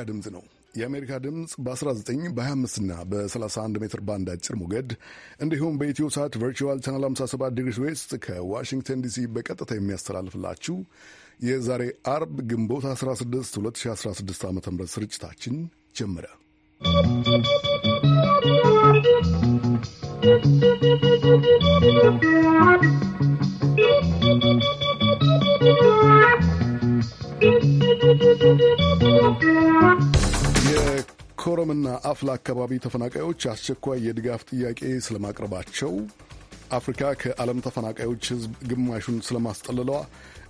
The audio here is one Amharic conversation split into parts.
የአሜሪካ ድምፅ ነው። የአሜሪካ ድምፅ በ19 በ25ና በ31 ሜትር ባንድ አጭር ሞገድ እንዲሁም በኢትዮ ሳት ቨርቹዋል ቻናል 57 ዲግሪስ ዌስት ከዋሽንግተን ዲሲ በቀጥታ የሚያስተላልፍላችሁ የዛሬ አርብ ግንቦት 16 2016 ዓ ም ስርጭታችን ጀመረ። ¶¶ የኮረምና አፍላ አካባቢ ተፈናቃዮች አስቸኳይ የድጋፍ ጥያቄ ስለማቅረባቸው አፍሪካ ከዓለም ተፈናቃዮች ሕዝብ ግማሹን ስለማስጠልለዋ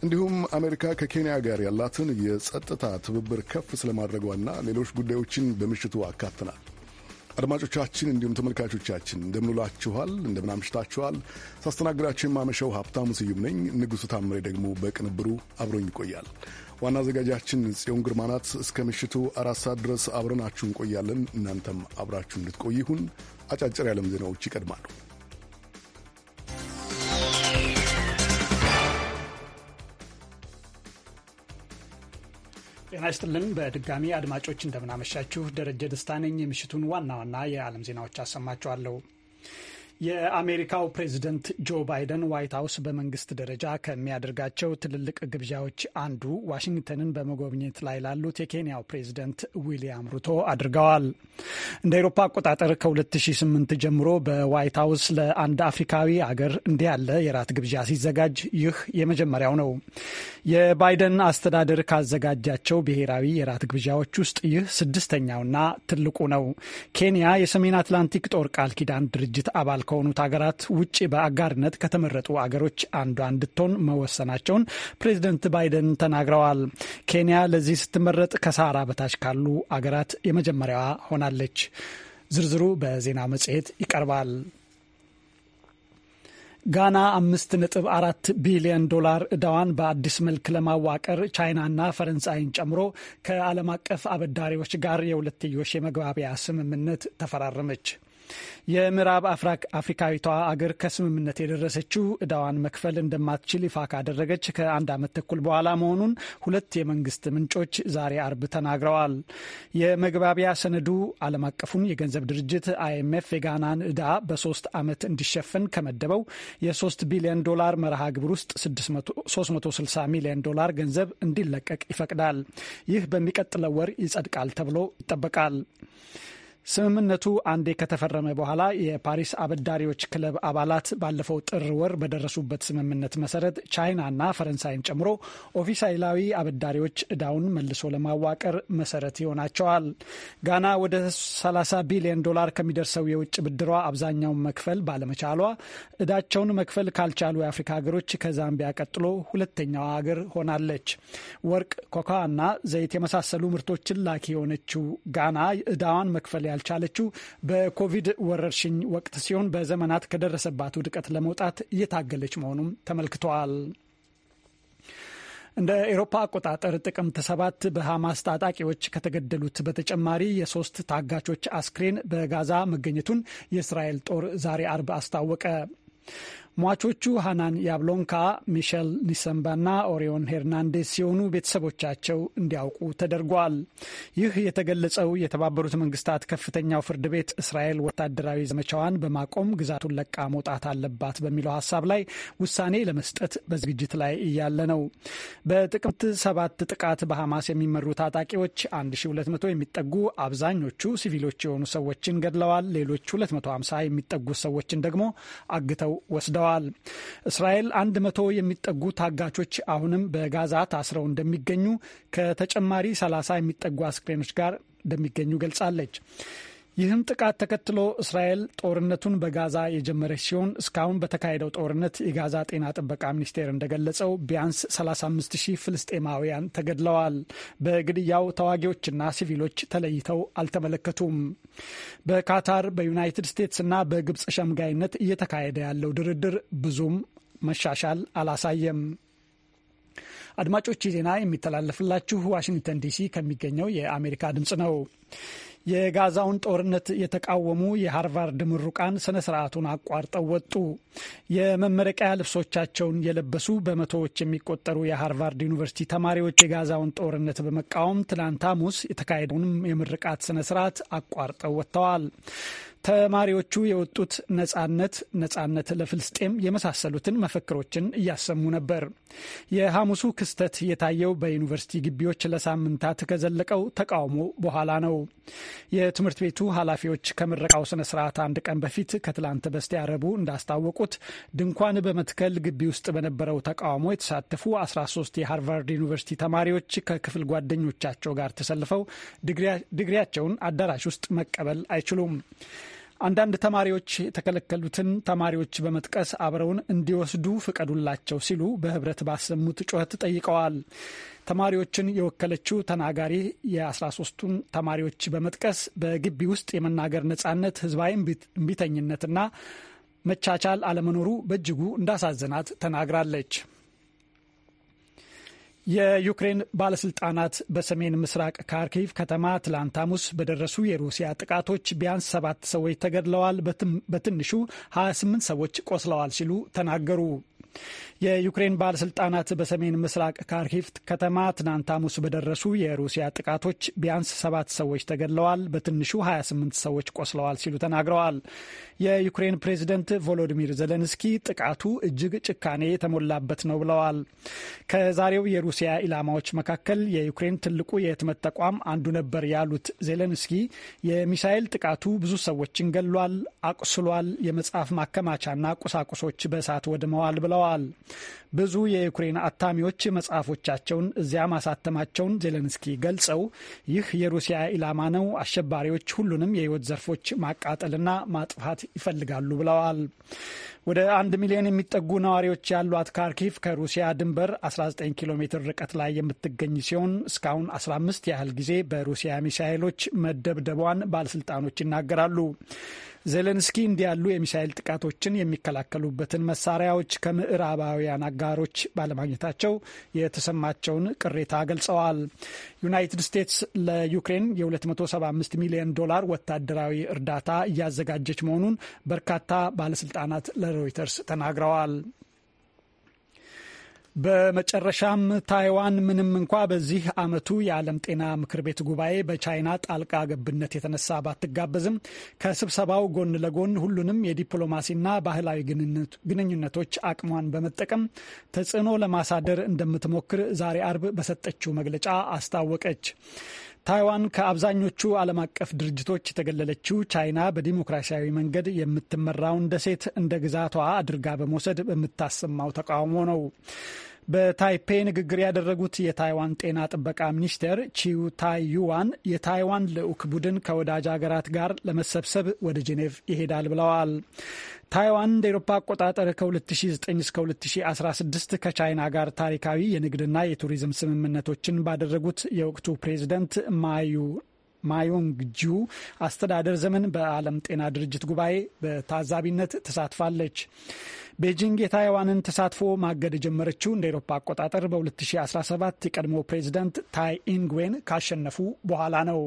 እንዲሁም አሜሪካ ከኬንያ ጋር ያላትን የጸጥታ ትብብር ከፍ ስለማድረጓና ሌሎች ጉዳዮችን በምሽቱ አካትናል። አድማጮቻችን እንዲሁም ተመልካቾቻችን እንደምንላችኋል፣ እንደምናምሽታችኋል። ሳስተናግዳችሁ የማመሸው ሀብታሙ ስዩም ነኝ። ንጉሡ ታምሬ ደግሞ በቅንብሩ አብሮኝ ይቆያል። ዋና አዘጋጃችን ጽዮን ግርማ ናት። እስከ ምሽቱ አራት ሰዓት ድረስ አብረናችሁ እንቆያለን። እናንተም አብራችሁ እንድትቆይ ይሁን። አጫጭር የዓለም ዜናዎች ይቀድማሉ። ጤና ይስጥልን። በድጋሚ አድማጮች እንደምናመሻችሁ፣ ደረጀ ደስታ ነኝ። የምሽቱን ዋና ዋና የዓለም ዜናዎች አሰማችኋለሁ። የአሜሪካው ፕሬዝደንት ጆ ባይደን ዋይት ሀውስ በመንግስት ደረጃ ከሚያደርጋቸው ትልልቅ ግብዣዎች አንዱ ዋሽንግተንን በመጎብኘት ላይ ላሉት የኬንያው ፕሬዝደንት ዊሊያም ሩቶ አድርገዋል። እንደ አውሮፓ አቆጣጠር ከ2008 ጀምሮ በዋይት ሀውስ ለአንድ አፍሪካዊ አገር እንዲህ ያለ የራት ግብዣ ሲዘጋጅ ይህ የመጀመሪያው ነው። የባይደን አስተዳደር ካዘጋጃቸው ብሔራዊ የራት ግብዣዎች ውስጥ ይህ ስድስተኛውና ትልቁ ነው። ኬንያ የሰሜን አትላንቲክ ጦር ቃል ኪዳን ድርጅት አባል ከሆኑት ሀገራት ውጭ በአጋርነት ከተመረጡ አገሮች አንዷ እንድትሆን መወሰናቸውን ፕሬዚደንት ባይደን ተናግረዋል። ኬንያ ለዚህ ስትመረጥ ከሳራ በታች ካሉ አገራት የመጀመሪያዋ ሆናለች። ዝርዝሩ በዜና መጽሔት ይቀርባል። ጋና አምስት ነጥብ አራት ቢሊዮን ዶላር እዳዋን በአዲስ መልክ ለማዋቀር ቻይናና ፈረንሳይን ጨምሮ ከዓለም አቀፍ አበዳሪዎች ጋር የሁለትዮሽ የመግባቢያ ስምምነት ተፈራረመች። የምዕራብ አፍሪካዊቷ አገር ከስምምነት የደረሰችው እዳዋን መክፈል እንደማትችል ይፋ ካደረገች ከአንድ ዓመት ተኩል በኋላ መሆኑን ሁለት የመንግስት ምንጮች ዛሬ አርብ ተናግረዋል። የመግባቢያ ሰነዱ ዓለም አቀፉን የገንዘብ ድርጅት አይኤምኤፍ የጋናን እዳ በሶስት ዓመት እንዲሸፍን ከመደበው የ3 ቢሊዮን ዶላር መርሃ ግብር ውስጥ 360 ሚሊዮን ዶላር ገንዘብ እንዲለቀቅ ይፈቅዳል። ይህ በሚቀጥለው ወር ይጸድቃል ተብሎ ይጠበቃል። ስምምነቱ አንዴ ከተፈረመ በኋላ የፓሪስ አበዳሪዎች ክለብ አባላት ባለፈው ጥር ወር በደረሱበት ስምምነት መሰረት ቻይናና ፈረንሳይን ጨምሮ ኦፊሳላዊ አበዳሪዎች እዳውን መልሶ ለማዋቀር መሰረት ይሆናቸዋል። ጋና ወደ 30 ቢሊዮን ዶላር ከሚደርሰው የውጭ ብድሯ አብዛኛውን መክፈል ባለመቻሏ እዳቸውን መክፈል ካልቻሉ የአፍሪካ ሀገሮች ከዛምቢያ ቀጥሎ ሁለተኛዋ ሀገር ሆናለች። ወርቅ፣ ኮካ እና ዘይት የመሳሰሉ ምርቶችን ላኪ የሆነችው ጋና እዳዋን መክፈል ያልቻለችው በኮቪድ ወረርሽኝ ወቅት ሲሆን በዘመናት ከደረሰባት ውድቀት ለመውጣት እየታገለች መሆኑም ተመልክተዋል። እንደ ኤሮፓ አቆጣጠር ጥቅምት ሰባት በሐማስ ታጣቂዎች ከተገደሉት በተጨማሪ የሶስት ታጋቾች አስክሬን በጋዛ መገኘቱን የእስራኤል ጦር ዛሬ አርብ አስታወቀ። ሟቾቹ ሃናን ያብሎንካ፣ ሚሸል ኒሰምባና ኦሪዮን ሄርናንዴስ ሲሆኑ ቤተሰቦቻቸው እንዲያውቁ ተደርጓል። ይህ የተገለጸው የተባበሩት መንግስታት ከፍተኛው ፍርድ ቤት እስራኤል ወታደራዊ ዘመቻዋን በማቆም ግዛቱን ለቃ መውጣት አለባት በሚለው ሀሳብ ላይ ውሳኔ ለመስጠት በዝግጅት ላይ እያለ ነው። በጥቅምት ሰባት ጥቃት በሐማስ የሚመሩ ታጣቂዎች 1200 የሚጠጉ አብዛኞቹ ሲቪሎች የሆኑ ሰዎችን ገድለዋል። ሌሎች 250 የሚጠጉ ሰዎችን ደግሞ አግተው ወስደዋል። ገልጸዋል። እስራኤል አንድ መቶ የሚጠጉ ታጋቾች አሁንም በጋዛ ታስረው እንደሚገኙ ከተጨማሪ ሰላሳ የሚጠጉ አስክሬኖች ጋር እንደሚገኙ ገልጻለች። ይህን ጥቃት ተከትሎ እስራኤል ጦርነቱን በጋዛ የጀመረች ሲሆን እስካሁን በተካሄደው ጦርነት የጋዛ ጤና ጥበቃ ሚኒስቴር እንደገለጸው ቢያንስ 35 ሺህ ፍልስጤማውያን ተገድለዋል። በግድያው ተዋጊዎችና ሲቪሎች ተለይተው አልተመለከቱም። በካታር በዩናይትድ ስቴትስና በግብፅ ሸምጋይነት እየተካሄደ ያለው ድርድር ብዙም መሻሻል አላሳየም። አድማጮች ዜና የሚተላለፍላችሁ ዋሽንግተን ዲሲ ከሚገኘው የአሜሪካ ድምፅ ነው። የጋዛውን ጦርነት የተቃወሙ የሃርቫርድ ምሩቃን ስነ ስርዓቱን አቋርጠው ወጡ። የመመረቂያ ልብሶቻቸውን የለበሱ በመቶዎች የሚቆጠሩ የሃርቫርድ ዩኒቨርሲቲ ተማሪዎች የጋዛውን ጦርነት በመቃወም ትላንት ሐሙስ የተካሄደውንም የምርቃት ስነ ስርዓት አቋርጠው ወጥተዋል። ተማሪዎቹ የወጡት ነጻነት፣ ነጻነት ለፍልስጤም የመሳሰሉትን መፈክሮችን እያሰሙ ነበር። የሐሙሱ ክስተት የታየው በዩኒቨርሲቲ ግቢዎች ለሳምንታት ከዘለቀው ተቃውሞ በኋላ ነው። የትምህርት ቤቱ ኃላፊዎች ከምረቃው ስነ ስርዓት አንድ ቀን በፊት ከትላንት በስቲያ ረቡዕ እንዳስታወቁት ድንኳን በመትከል ግቢ ውስጥ በነበረው ተቃውሞ የተሳተፉ 13 የሃርቫርድ ዩኒቨርሲቲ ተማሪዎች ከክፍል ጓደኞቻቸው ጋር ተሰልፈው ድግሪያቸውን አዳራሽ ውስጥ መቀበል አይችሉም። አንዳንድ ተማሪዎች የተከለከሉትን ተማሪዎች በመጥቀስ አብረውን እንዲወስዱ ፍቀዱላቸው ሲሉ በህብረት ባሰሙት ጩኸት ጠይቀዋል። ተማሪዎችን የወከለችው ተናጋሪ የ13ቱን ተማሪዎች በመጥቀስ በግቢ ውስጥ የመናገር ነጻነት፣ ህዝባዊ እምቢተኝነትና መቻቻል አለመኖሩ በእጅጉ እንዳሳዘናት ተናግራለች። የዩክሬን ባለስልጣናት በሰሜን ምስራቅ ካርኪቭ ከተማ ትላንት ሐሙስ በደረሱ የሩሲያ ጥቃቶች ቢያንስ ሰባት ሰዎች ተገድለዋል፣ በትንሹ 28 ሰዎች ቆስለዋል ሲሉ ተናገሩ። የዩክሬን ባለስልጣናት በሰሜን ምስራቅ ካርኪቭ ከተማ ትናንት ሐሙስ በደረሱ የሩሲያ ጥቃቶች ቢያንስ ሰባት ሰዎች ተገድለዋል፣ በትንሹ 28 ሰዎች ቆስለዋል ሲሉ ተናግረዋል። የዩክሬን ፕሬዝደንት ቮሎዲሚር ዘለንስኪ ጥቃቱ እጅግ ጭካኔ የተሞላበት ነው ብለዋል። ከዛሬው የሩሲያ ኢላማዎች መካከል የዩክሬን ትልቁ የህትመት ተቋም አንዱ ነበር ያሉት ዜሌንስኪ የሚሳኤል ጥቃቱ ብዙ ሰዎችን ገድሏል፣ አቁስሏል፣ የመጽሐፍ ማከማቻና ቁሳቁሶች በእሳት ወድመዋል ብለዋል። ገልጸዋል። ብዙ የዩክሬን አታሚዎች መጽሐፎቻቸውን እዚያ ማሳተማቸውን ዜሌንስኪ ገልጸው ይህ የሩሲያ ኢላማ ነው፣ አሸባሪዎች ሁሉንም የህይወት ዘርፎች ማቃጠልና ማጥፋት ይፈልጋሉ ብለዋል። ወደ አንድ ሚሊዮን የሚጠጉ ነዋሪዎች ያሏት ካርኪቭ ከሩሲያ ድንበር 19 ኪሎ ሜትር ርቀት ላይ የምትገኝ ሲሆን እስካሁን 15 ያህል ጊዜ በሩሲያ ሚሳይሎች መደብደቧን ባለስልጣኖች ይናገራሉ። ዜሌንስኪ እንዲህ ያሉ የሚሳይል ጥቃቶችን የሚከላከሉበትን መሳሪያዎች ከምዕራባውያን አጋሮች ባለማግኘታቸው የተሰማቸውን ቅሬታ ገልጸዋል። ዩናይትድ ስቴትስ ለዩክሬን የ275 ሚሊዮን ዶላር ወታደራዊ እርዳታ እያዘጋጀች መሆኑን በርካታ ባለስልጣናት ለሮይተርስ ተናግረዋል። በመጨረሻም ታይዋን ምንም እንኳ በዚህ ዓመቱ የዓለም ጤና ምክር ቤት ጉባኤ በቻይና ጣልቃ ገብነት የተነሳ ባትጋበዝም ከስብሰባው ጎን ለጎን ሁሉንም የዲፕሎማሲና ባህላዊ ግንኙነቶች አቅሟን በመጠቀም ተጽዕኖ ለማሳደር እንደምትሞክር ዛሬ አርብ በሰጠችው መግለጫ አስታወቀች። ታይዋን ከአብዛኞቹ ዓለም አቀፍ ድርጅቶች የተገለለችው ቻይና በዲሞክራሲያዊ መንገድ የምትመራውን ደሴት እንደ ግዛቷ አድርጋ በመውሰድ በምታሰማው ተቃውሞ ነው። በታይፔ ንግግር ያደረጉት የታይዋን ጤና ጥበቃ ሚኒስቴር ቺው ታይ ዩዋን የታይዋን ልዑክ ቡድን ከወዳጅ ሀገራት ጋር ለመሰብሰብ ወደ ጄኔቭ ይሄዳል ብለዋል። ታይዋን እንደ ኤሮፓ አቆጣጠር ከ2009 እስከ 2016 ከቻይና ጋር ታሪካዊ የንግድና የቱሪዝም ስምምነቶችን ባደረጉት የወቅቱ ፕሬዚደንት ማዩ ማዮንግ ጁ አስተዳደር ዘመን በዓለም ጤና ድርጅት ጉባኤ በታዛቢነት ተሳትፋለች። ቤጂንግ የታይዋንን ተሳትፎ ማገድ የጀመረችው እንደ ኤሮፓ አቆጣጠር በ2017 የቀድሞ ፕሬዚደንት ታይ ኢንግዌን ካሸነፉ በኋላ ነው።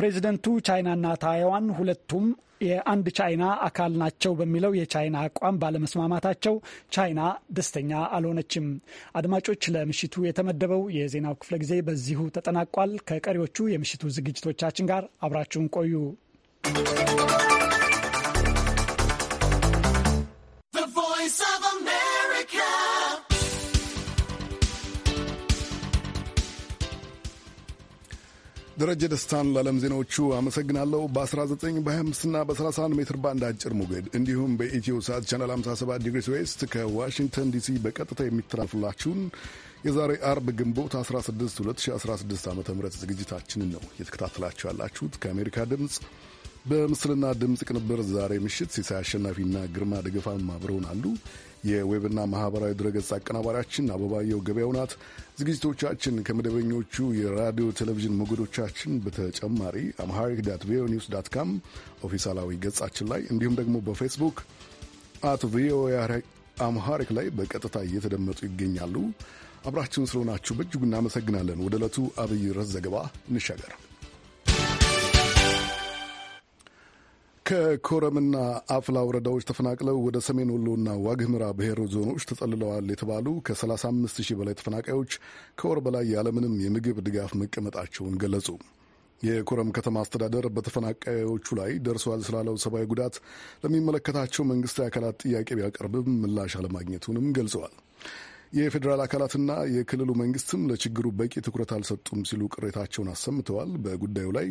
ፕሬዚደንቱ ቻይናና ታይዋን ሁለቱም የአንድ ቻይና አካል ናቸው በሚለው የቻይና አቋም ባለመስማማታቸው ቻይና ደስተኛ አልሆነችም። አድማጮች፣ ለምሽቱ የተመደበው የዜናው ክፍለ ጊዜ በዚሁ ተጠናቋል። ከቀሪዎቹ የምሽቱ ዝግጅቶቻችን ጋር አብራችሁን ቆዩ። ደረጀ ደስታን ለዓለም ዜናዎቹ አመሰግናለሁ። በ19 በ25ና በ31 ሜትር ባንድ አጭር ሞገድ እንዲሁም በኢትዮ ሰዓት ቻናል 57 ዲግሪስ ዌስት ከዋሽንግተን ዲሲ በቀጥታ የሚተላልፍላችሁን የዛሬ አርብ ግንቦት 16 2016 ዓ ም ዝግጅታችንን ነው እየተከታተላችሁ ያላችሁት ከአሜሪካ ድምፅ በምስልና ድምፅ ቅንብር ዛሬ ምሽት ሲሳይ አሸናፊና ግርማ ደገፋም አብረውን አሉ። የዌብና ማህበራዊ ድረገጽ አቀናባሪያችን አበባየው ገበያው ናት። ዝግጅቶቻችን ከመደበኞቹ የራዲዮ ቴሌቪዥን ሞገዶቻችን በተጨማሪ አምሃሪክ ዳት ቪኦኤ ኒውስ ዳት ካም ኦፊሳላዊ ገጻችን ላይ እንዲሁም ደግሞ በፌስቡክ አት ቪኦኤ አምሃሪክ ላይ በቀጥታ እየተደመጡ ይገኛሉ። አብራችሁን ስለሆናችሁ በእጅጉ እናመሰግናለን። ወደ ዕለቱ አብይ ርዕስ ዘገባ እንሻገር። ከኮረምና አፍላ ወረዳዎች ተፈናቅለው ወደ ሰሜን ወሎና ዋግህምራ ብሔር ዞኖች ተጠልለዋል የተባሉ ከ35 ሺህ በላይ ተፈናቃዮች ከወር በላይ ያለምንም የምግብ ድጋፍ መቀመጣቸውን ገለጹ። የኮረም ከተማ አስተዳደር በተፈናቃዮቹ ላይ ደርሷል ስላለው ሰብአዊ ጉዳት ለሚመለከታቸው መንግስታዊ አካላት ጥያቄ ቢያቀርብም ምላሽ አለማግኘቱንም ገልጸዋል። የፌዴራል አካላትና የክልሉ መንግስትም ለችግሩ በቂ ትኩረት አልሰጡም ሲሉ ቅሬታቸውን አሰምተዋል። በጉዳዩ ላይ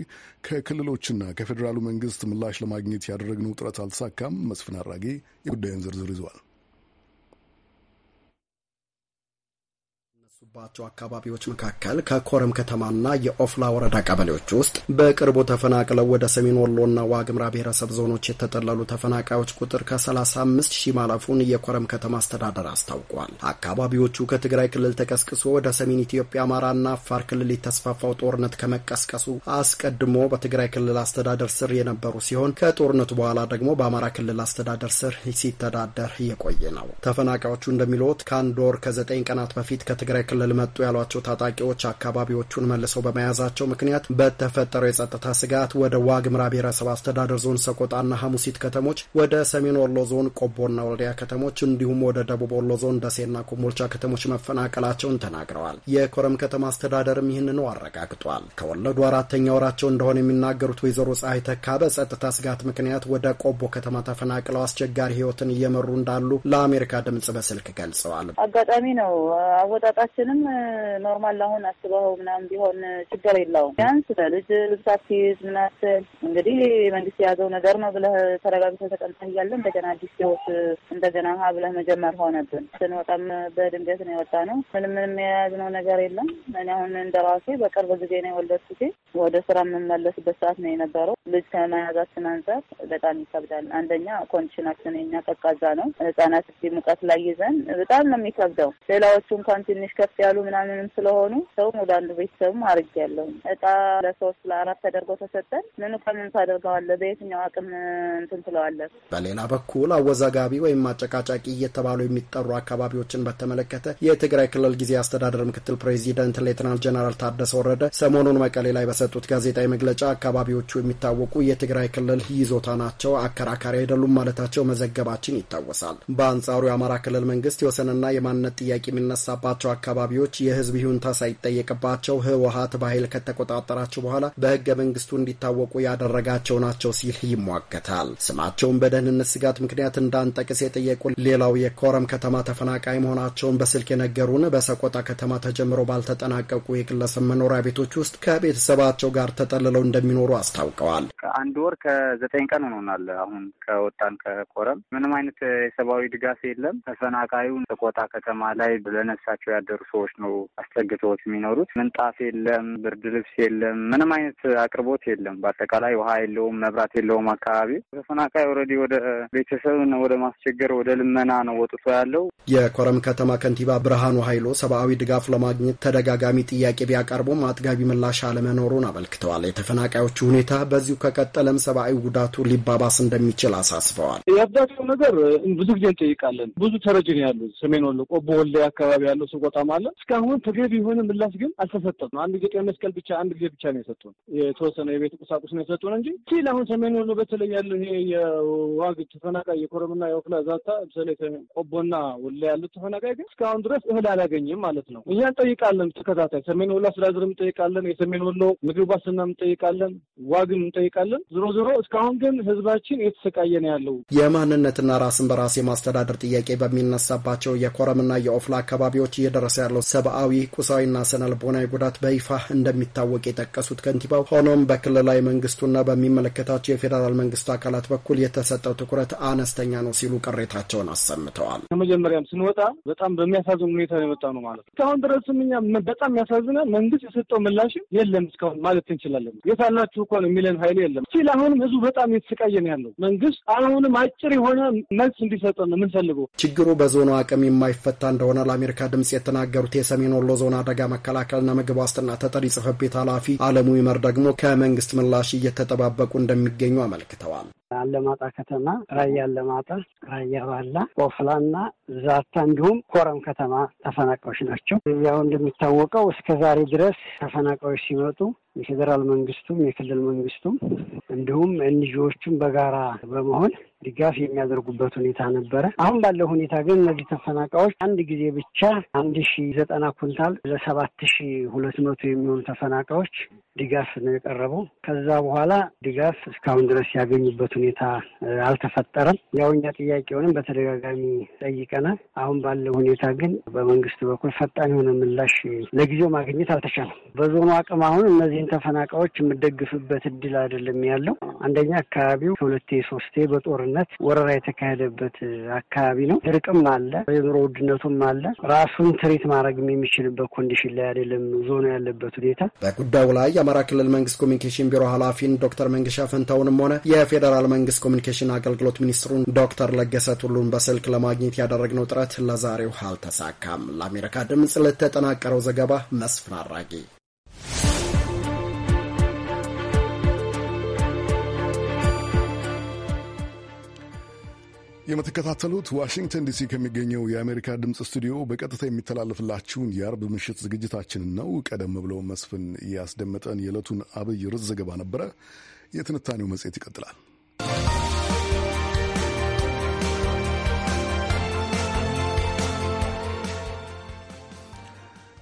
ከክልሎችና ከፌዴራሉ መንግስት ምላሽ ለማግኘት ያደረግነው ጥረት አልተሳካም። መስፍን አራጌ የጉዳዩን ዝርዝር ይዘዋል። ባቸው አካባቢዎች መካከል ከኮረም ከተማና የኦፍላ ወረዳ ቀበሌዎች ውስጥ በቅርቡ ተፈናቅለው ወደ ሰሜን ወሎና ዋግምራ ብሔረሰብ ዞኖች የተጠለሉ ተፈናቃዮች ቁጥር ከ35 ሺህ ማለፉን የኮረም ከተማ አስተዳደር አስታውቋል። አካባቢዎቹ ከትግራይ ክልል ተቀስቅሶ ወደ ሰሜን ኢትዮጵያ፣ አማራና አፋር ክልል የተስፋፋው ጦርነት ከመቀስቀሱ አስቀድሞ በትግራይ ክልል አስተዳደር ስር የነበሩ ሲሆን ከጦርነቱ በኋላ ደግሞ በአማራ ክልል አስተዳደር ስር ሲተዳደር የቆየ ነው። ተፈናቃዮቹ እንደሚለት ከአንድ ወር ከዘጠኝ ቀናት በፊት ከትግራይ ክልል ክልል መጡ ያሏቸው ታጣቂዎች አካባቢዎቹን መልሰው በመያዛቸው ምክንያት በተፈጠረው የጸጥታ ስጋት ወደ ዋግምራ ብሔረሰብ አስተዳደር ዞን ሰቆጣና ሐሙሲት ከተሞች፣ ወደ ሰሜን ወሎ ዞን ቆቦና ወልዲያ ከተሞች እንዲሁም ወደ ደቡብ ወሎ ዞን ደሴና ኮምቦልቻ ከተሞች መፈናቀላቸውን ተናግረዋል። የኮረም ከተማ አስተዳደርም ይህንኑ አረጋግጧል። ከወለዱ አራተኛ ወራቸው እንደሆነ የሚናገሩት ወይዘሮ ፀሐይ ተካ በጸጥታ ስጋት ምክንያት ወደ ቆቦ ከተማ ተፈናቅለው አስቸጋሪ ህይወትን እየመሩ እንዳሉ ለአሜሪካ ድምጽ በስልክ ገልጸዋል። አጋጣሚ ነው አወጣጣችን ምንም ኖርማል አሁን አስበው ምናምን ቢሆን ችግር የለውም። ቢያንስ ልጅ ልብስ አትይዝ ምናስል እንግዲህ መንግስት የያዘው ነገር ነው ብለህ ተረጋግተ ተቀምጠህ እያለ እንደገና አዲስ ህይወት እንደገና ሀ ብለህ መጀመር ሆነብን። ስንወጣም በድንገት ነው የወጣ ነው። ምንም ምንም የያዝነው ነገር የለም። እኔ አሁን እንደ ራሴ በቅርብ ጊዜ ነው የወለድኩት። ወደ ስራ የምመለስበት ሰዓት ነው የነበረው። ልጅ ከመያዛችን አንጻር በጣም ይከብዳል። አንደኛ ኮንዲሽናችን የኛ ቀዝቃዛ ነው። ህጻናት ሙቀት ላይ ይዘን በጣም ነው የሚከብደው። ሌላዎቹ እንኳን ትንሽ ከፍ ያሉ ምናምንም ስለሆኑ ሰውም ወደ አንዱ ቤተሰብም አድርጌያለሁ። እጣ ለሶስት ለአራት ተደርጎ ተሰጠን። ምኑ ከምን ታደርገዋለህ? በየትኛው አቅም እንትን ትለዋለህ። በሌላ በኩል አወዛጋቢ ወይም አጨቃጫቂ እየተባሉ የሚጠሩ አካባቢዎችን በተመለከተ የትግራይ ክልል ጊዜ አስተዳደር ምክትል ፕሬዚደንት ሌትናል ጀነራል ታደሰ ወረደ ሰሞኑን መቀሌ ላይ በሰጡት ጋዜጣዊ መግለጫ አካባቢዎቹ የሚታወቁ የትግራይ ክልል ይዞታ ናቸው፣ አከራካሪ አይደሉም ማለታቸው መዘገባችን ይታወሳል። በአንጻሩ የአማራ ክልል መንግስት የወሰንና የማንነት ጥያቄ የሚነሳባቸው አካባቢ አካባቢዎች የህዝብ ይሁንታ ሳይጠየቅባቸው ህወሀት በኃይል ከተቆጣጠራቸው በኋላ በህገ መንግስቱ እንዲታወቁ ያደረጋቸው ናቸው ሲል ይሟገታል። ስማቸውን በደህንነት ስጋት ምክንያት እንዳንጠቅስ የጠየቁ ሌላው የኮረም ከተማ ተፈናቃይ መሆናቸውን በስልክ የነገሩን በሰቆጣ ከተማ ተጀምሮ ባልተጠናቀቁ የግለሰብ መኖሪያ ቤቶች ውስጥ ከቤተሰባቸው ጋር ተጠልለው እንደሚኖሩ አስታውቀዋል። አንድ ወር ከዘጠኝ ቀን ሆኖናል። አሁን ከወጣን ከኮረም ምንም አይነት የሰብአዊ ድጋፍ የለም። ተፈናቃዩን ሰቆጣ ከተማ ላይ ለነሳቸው ያደሩ ሰዎች ነው አስጠግተውት የሚኖሩት። ምንጣፍ የለም፣ ብርድ ልብስ የለም፣ ምንም አይነት አቅርቦት የለም። በአጠቃላይ ውሃ የለውም፣ መብራት የለውም። አካባቢ ተፈናቃይ ኦልሬዲ ወደ ቤተሰብን ወደ ማስቸገር ወደ ልመና ነው ወጥቶ ያለው። የኮረም ከተማ ከንቲባ ብርሃኑ ኃይሎ ሰብአዊ ድጋፍ ለማግኘት ተደጋጋሚ ጥያቄ ቢያቀርቡም አጥጋቢ ምላሽ አለመኖሩን አመልክተዋል። የተፈናቃዮቹ ሁኔታ በዚሁ ከቀጠለም ሰብአዊ ጉዳቱ ሊባባስ እንደሚችል አሳስበዋል። የእርዳታው ነገር ብዙ ጊዜ እንጠይቃለን። ብዙ ተረጅን ያሉ ሰሜን ወሎ ቆቦ አካባቢ ያለው ስቆጣም አለ ሰጥተን እስካሁን ተገቢ የሆነ ምላሽ ግን አልተሰጠም። አንድ ጊዜ መስቀል ብቻ አንድ ጊዜ ብቻ ነው የሰጡን የተወሰነ የቤት ቁሳቁስ ነው የሰጡን እንጂ ሲል አሁን ሰሜን ወሎ በተለይ ያለው ይሄ የዋግ ተፈናቃይ የኮረምና የወክላ ዛታ በተለይ ቆቦና ወላ ያሉት ተፈናቃይ ግን እስካሁን ድረስ እህል አላገኝም ማለት ነው። እኛ እንጠይቃለን፣ ተከታታይ ሰሜን ወሎ አስተዳደር እንጠይቃለን፣ የሰሜን ወሎ ምግብ ዋስትና እንጠይቃለን፣ ዋግን እንጠይቃለን። ዞሮ ዞሮ እስካሁን ግን ህዝባችን የተሰቃየ ነው ያለው። የማንነትና ራስን በራስ የማስተዳደር ጥያቄ በሚነሳባቸው የኮረምና የኦፍላ አካባቢዎች እየደረሰ ያለው ሰብአዊ ቁሳዊና ስነልቦናዊ ጉዳት በይፋ እንደሚታወቅ የጠቀሱት ከንቲባው ሆኖም በክልላዊ መንግስቱና በሚመለከታቸው የፌዴራል መንግስቱ አካላት በኩል የተሰጠው ትኩረት አነስተኛ ነው ሲሉ ቅሬታቸውን አሰምተዋል። ከመጀመሪያም ስንወጣ በጣም በሚያሳዝን ሁኔታ ነው የመጣ ነው ማለት እስካሁን ድረስም እኛ በጣም ያሳዝነ መንግስት የሰጠው ምላሽም የለም እስካሁን ማለት እንችላለን። የት አላችሁ እኮ ነው የሚለን ኃይል የለም ሲል አሁንም ህዝቡ በጣም የተሰቃየ ነው ያለው። መንግስት አሁንም አጭር የሆነ መልስ እንዲሰጠ ነው የምንፈልገው። ችግሩ በዞኑ አቅም የማይፈታ እንደሆነ ለአሜሪካ ድምጽ የተናገሩ የተናገሩት የሰሜን ወሎ ዞን አደጋ መከላከልና ምግብ ዋስትና ተጠሪ ጽሕፈት ቤት ኃላፊ አለሙ ይመር ደግሞ ከመንግስት ምላሽ እየተጠባበቁ እንደሚገኙ አመልክተዋል። አለማጣ ከተማ፣ ራያ አለማጣ፣ ራያ ባላ፣ ቆፍላና ዛታ እንዲሁም ኮረም ከተማ ተፈናቃዮች ናቸው። ያው እንደሚታወቀው እስከ ዛሬ ድረስ ተፈናቃዮች ሲመጡ የፌዴራል መንግስቱም የክልል መንግስቱም እንዲሁም ኤንጂኦዎቹም በጋራ በመሆን ድጋፍ የሚያደርጉበት ሁኔታ ነበረ። አሁን ባለው ሁኔታ ግን እነዚህ ተፈናቃዮች አንድ ጊዜ ብቻ አንድ ሺ ዘጠና ኩንታል ለሰባት ሺ ሁለት መቶ የሚሆኑ ተፈናቃዮች ድጋፍ ነው የቀረበው። ከዛ በኋላ ድጋፍ እስካሁን ድረስ ያገኙበት ሁኔታ አልተፈጠረም። ያው እኛ ጥያቄውንም በተደጋጋሚ ጠይቀናል። አሁን ባለው ሁኔታ ግን በመንግስት በኩል ፈጣን የሆነ ምላሽ ለጊዜው ማግኘት አልተቻለም። በዞኑ አቅም አሁን እነዚህን ተፈናቃዮች የምደግፍበት እድል አይደለም ያለው። አንደኛ አካባቢው ከሁለቴ ሶስቴ በጦርነት ወረራ የተካሄደበት አካባቢ ነው። ድርቅም አለ፣ የኑሮ ውድነቱም አለ። ራሱን ትሪት ማድረግ የሚችልበት ኮንዲሽን ላይ አይደለም ዞኑ ያለበት ሁኔታ። በጉዳዩ ላይ የአማራ ክልል መንግስት ኮሚኒኬሽን ቢሮ ኃላፊን ዶክተር መንገሻ ፈንታውንም ሆነ የፌዴራል የመንግስት ኮሚኒኬሽን አገልግሎት ሚኒስትሩን ዶክተር ለገሰ ቱሉን በስልክ ለማግኘት ያደረግነው ጥረት ለዛሬው አልተሳካም። ለአሜሪካ ድምፅ ለተጠናቀረው ዘገባ መስፍን አራጊ። የምትከታተሉት ዋሽንግተን ዲሲ ከሚገኘው የአሜሪካ ድምፅ ስቱዲዮ በቀጥታ የሚተላለፍላችሁን የአርብ ምሽት ዝግጅታችንን ነው። ቀደም ብሎ መስፍን እያስደመጠን የዕለቱን አብይ ርዕስ ዘገባ ነበረ። የትንታኔው መጽሔት ይቀጥላል።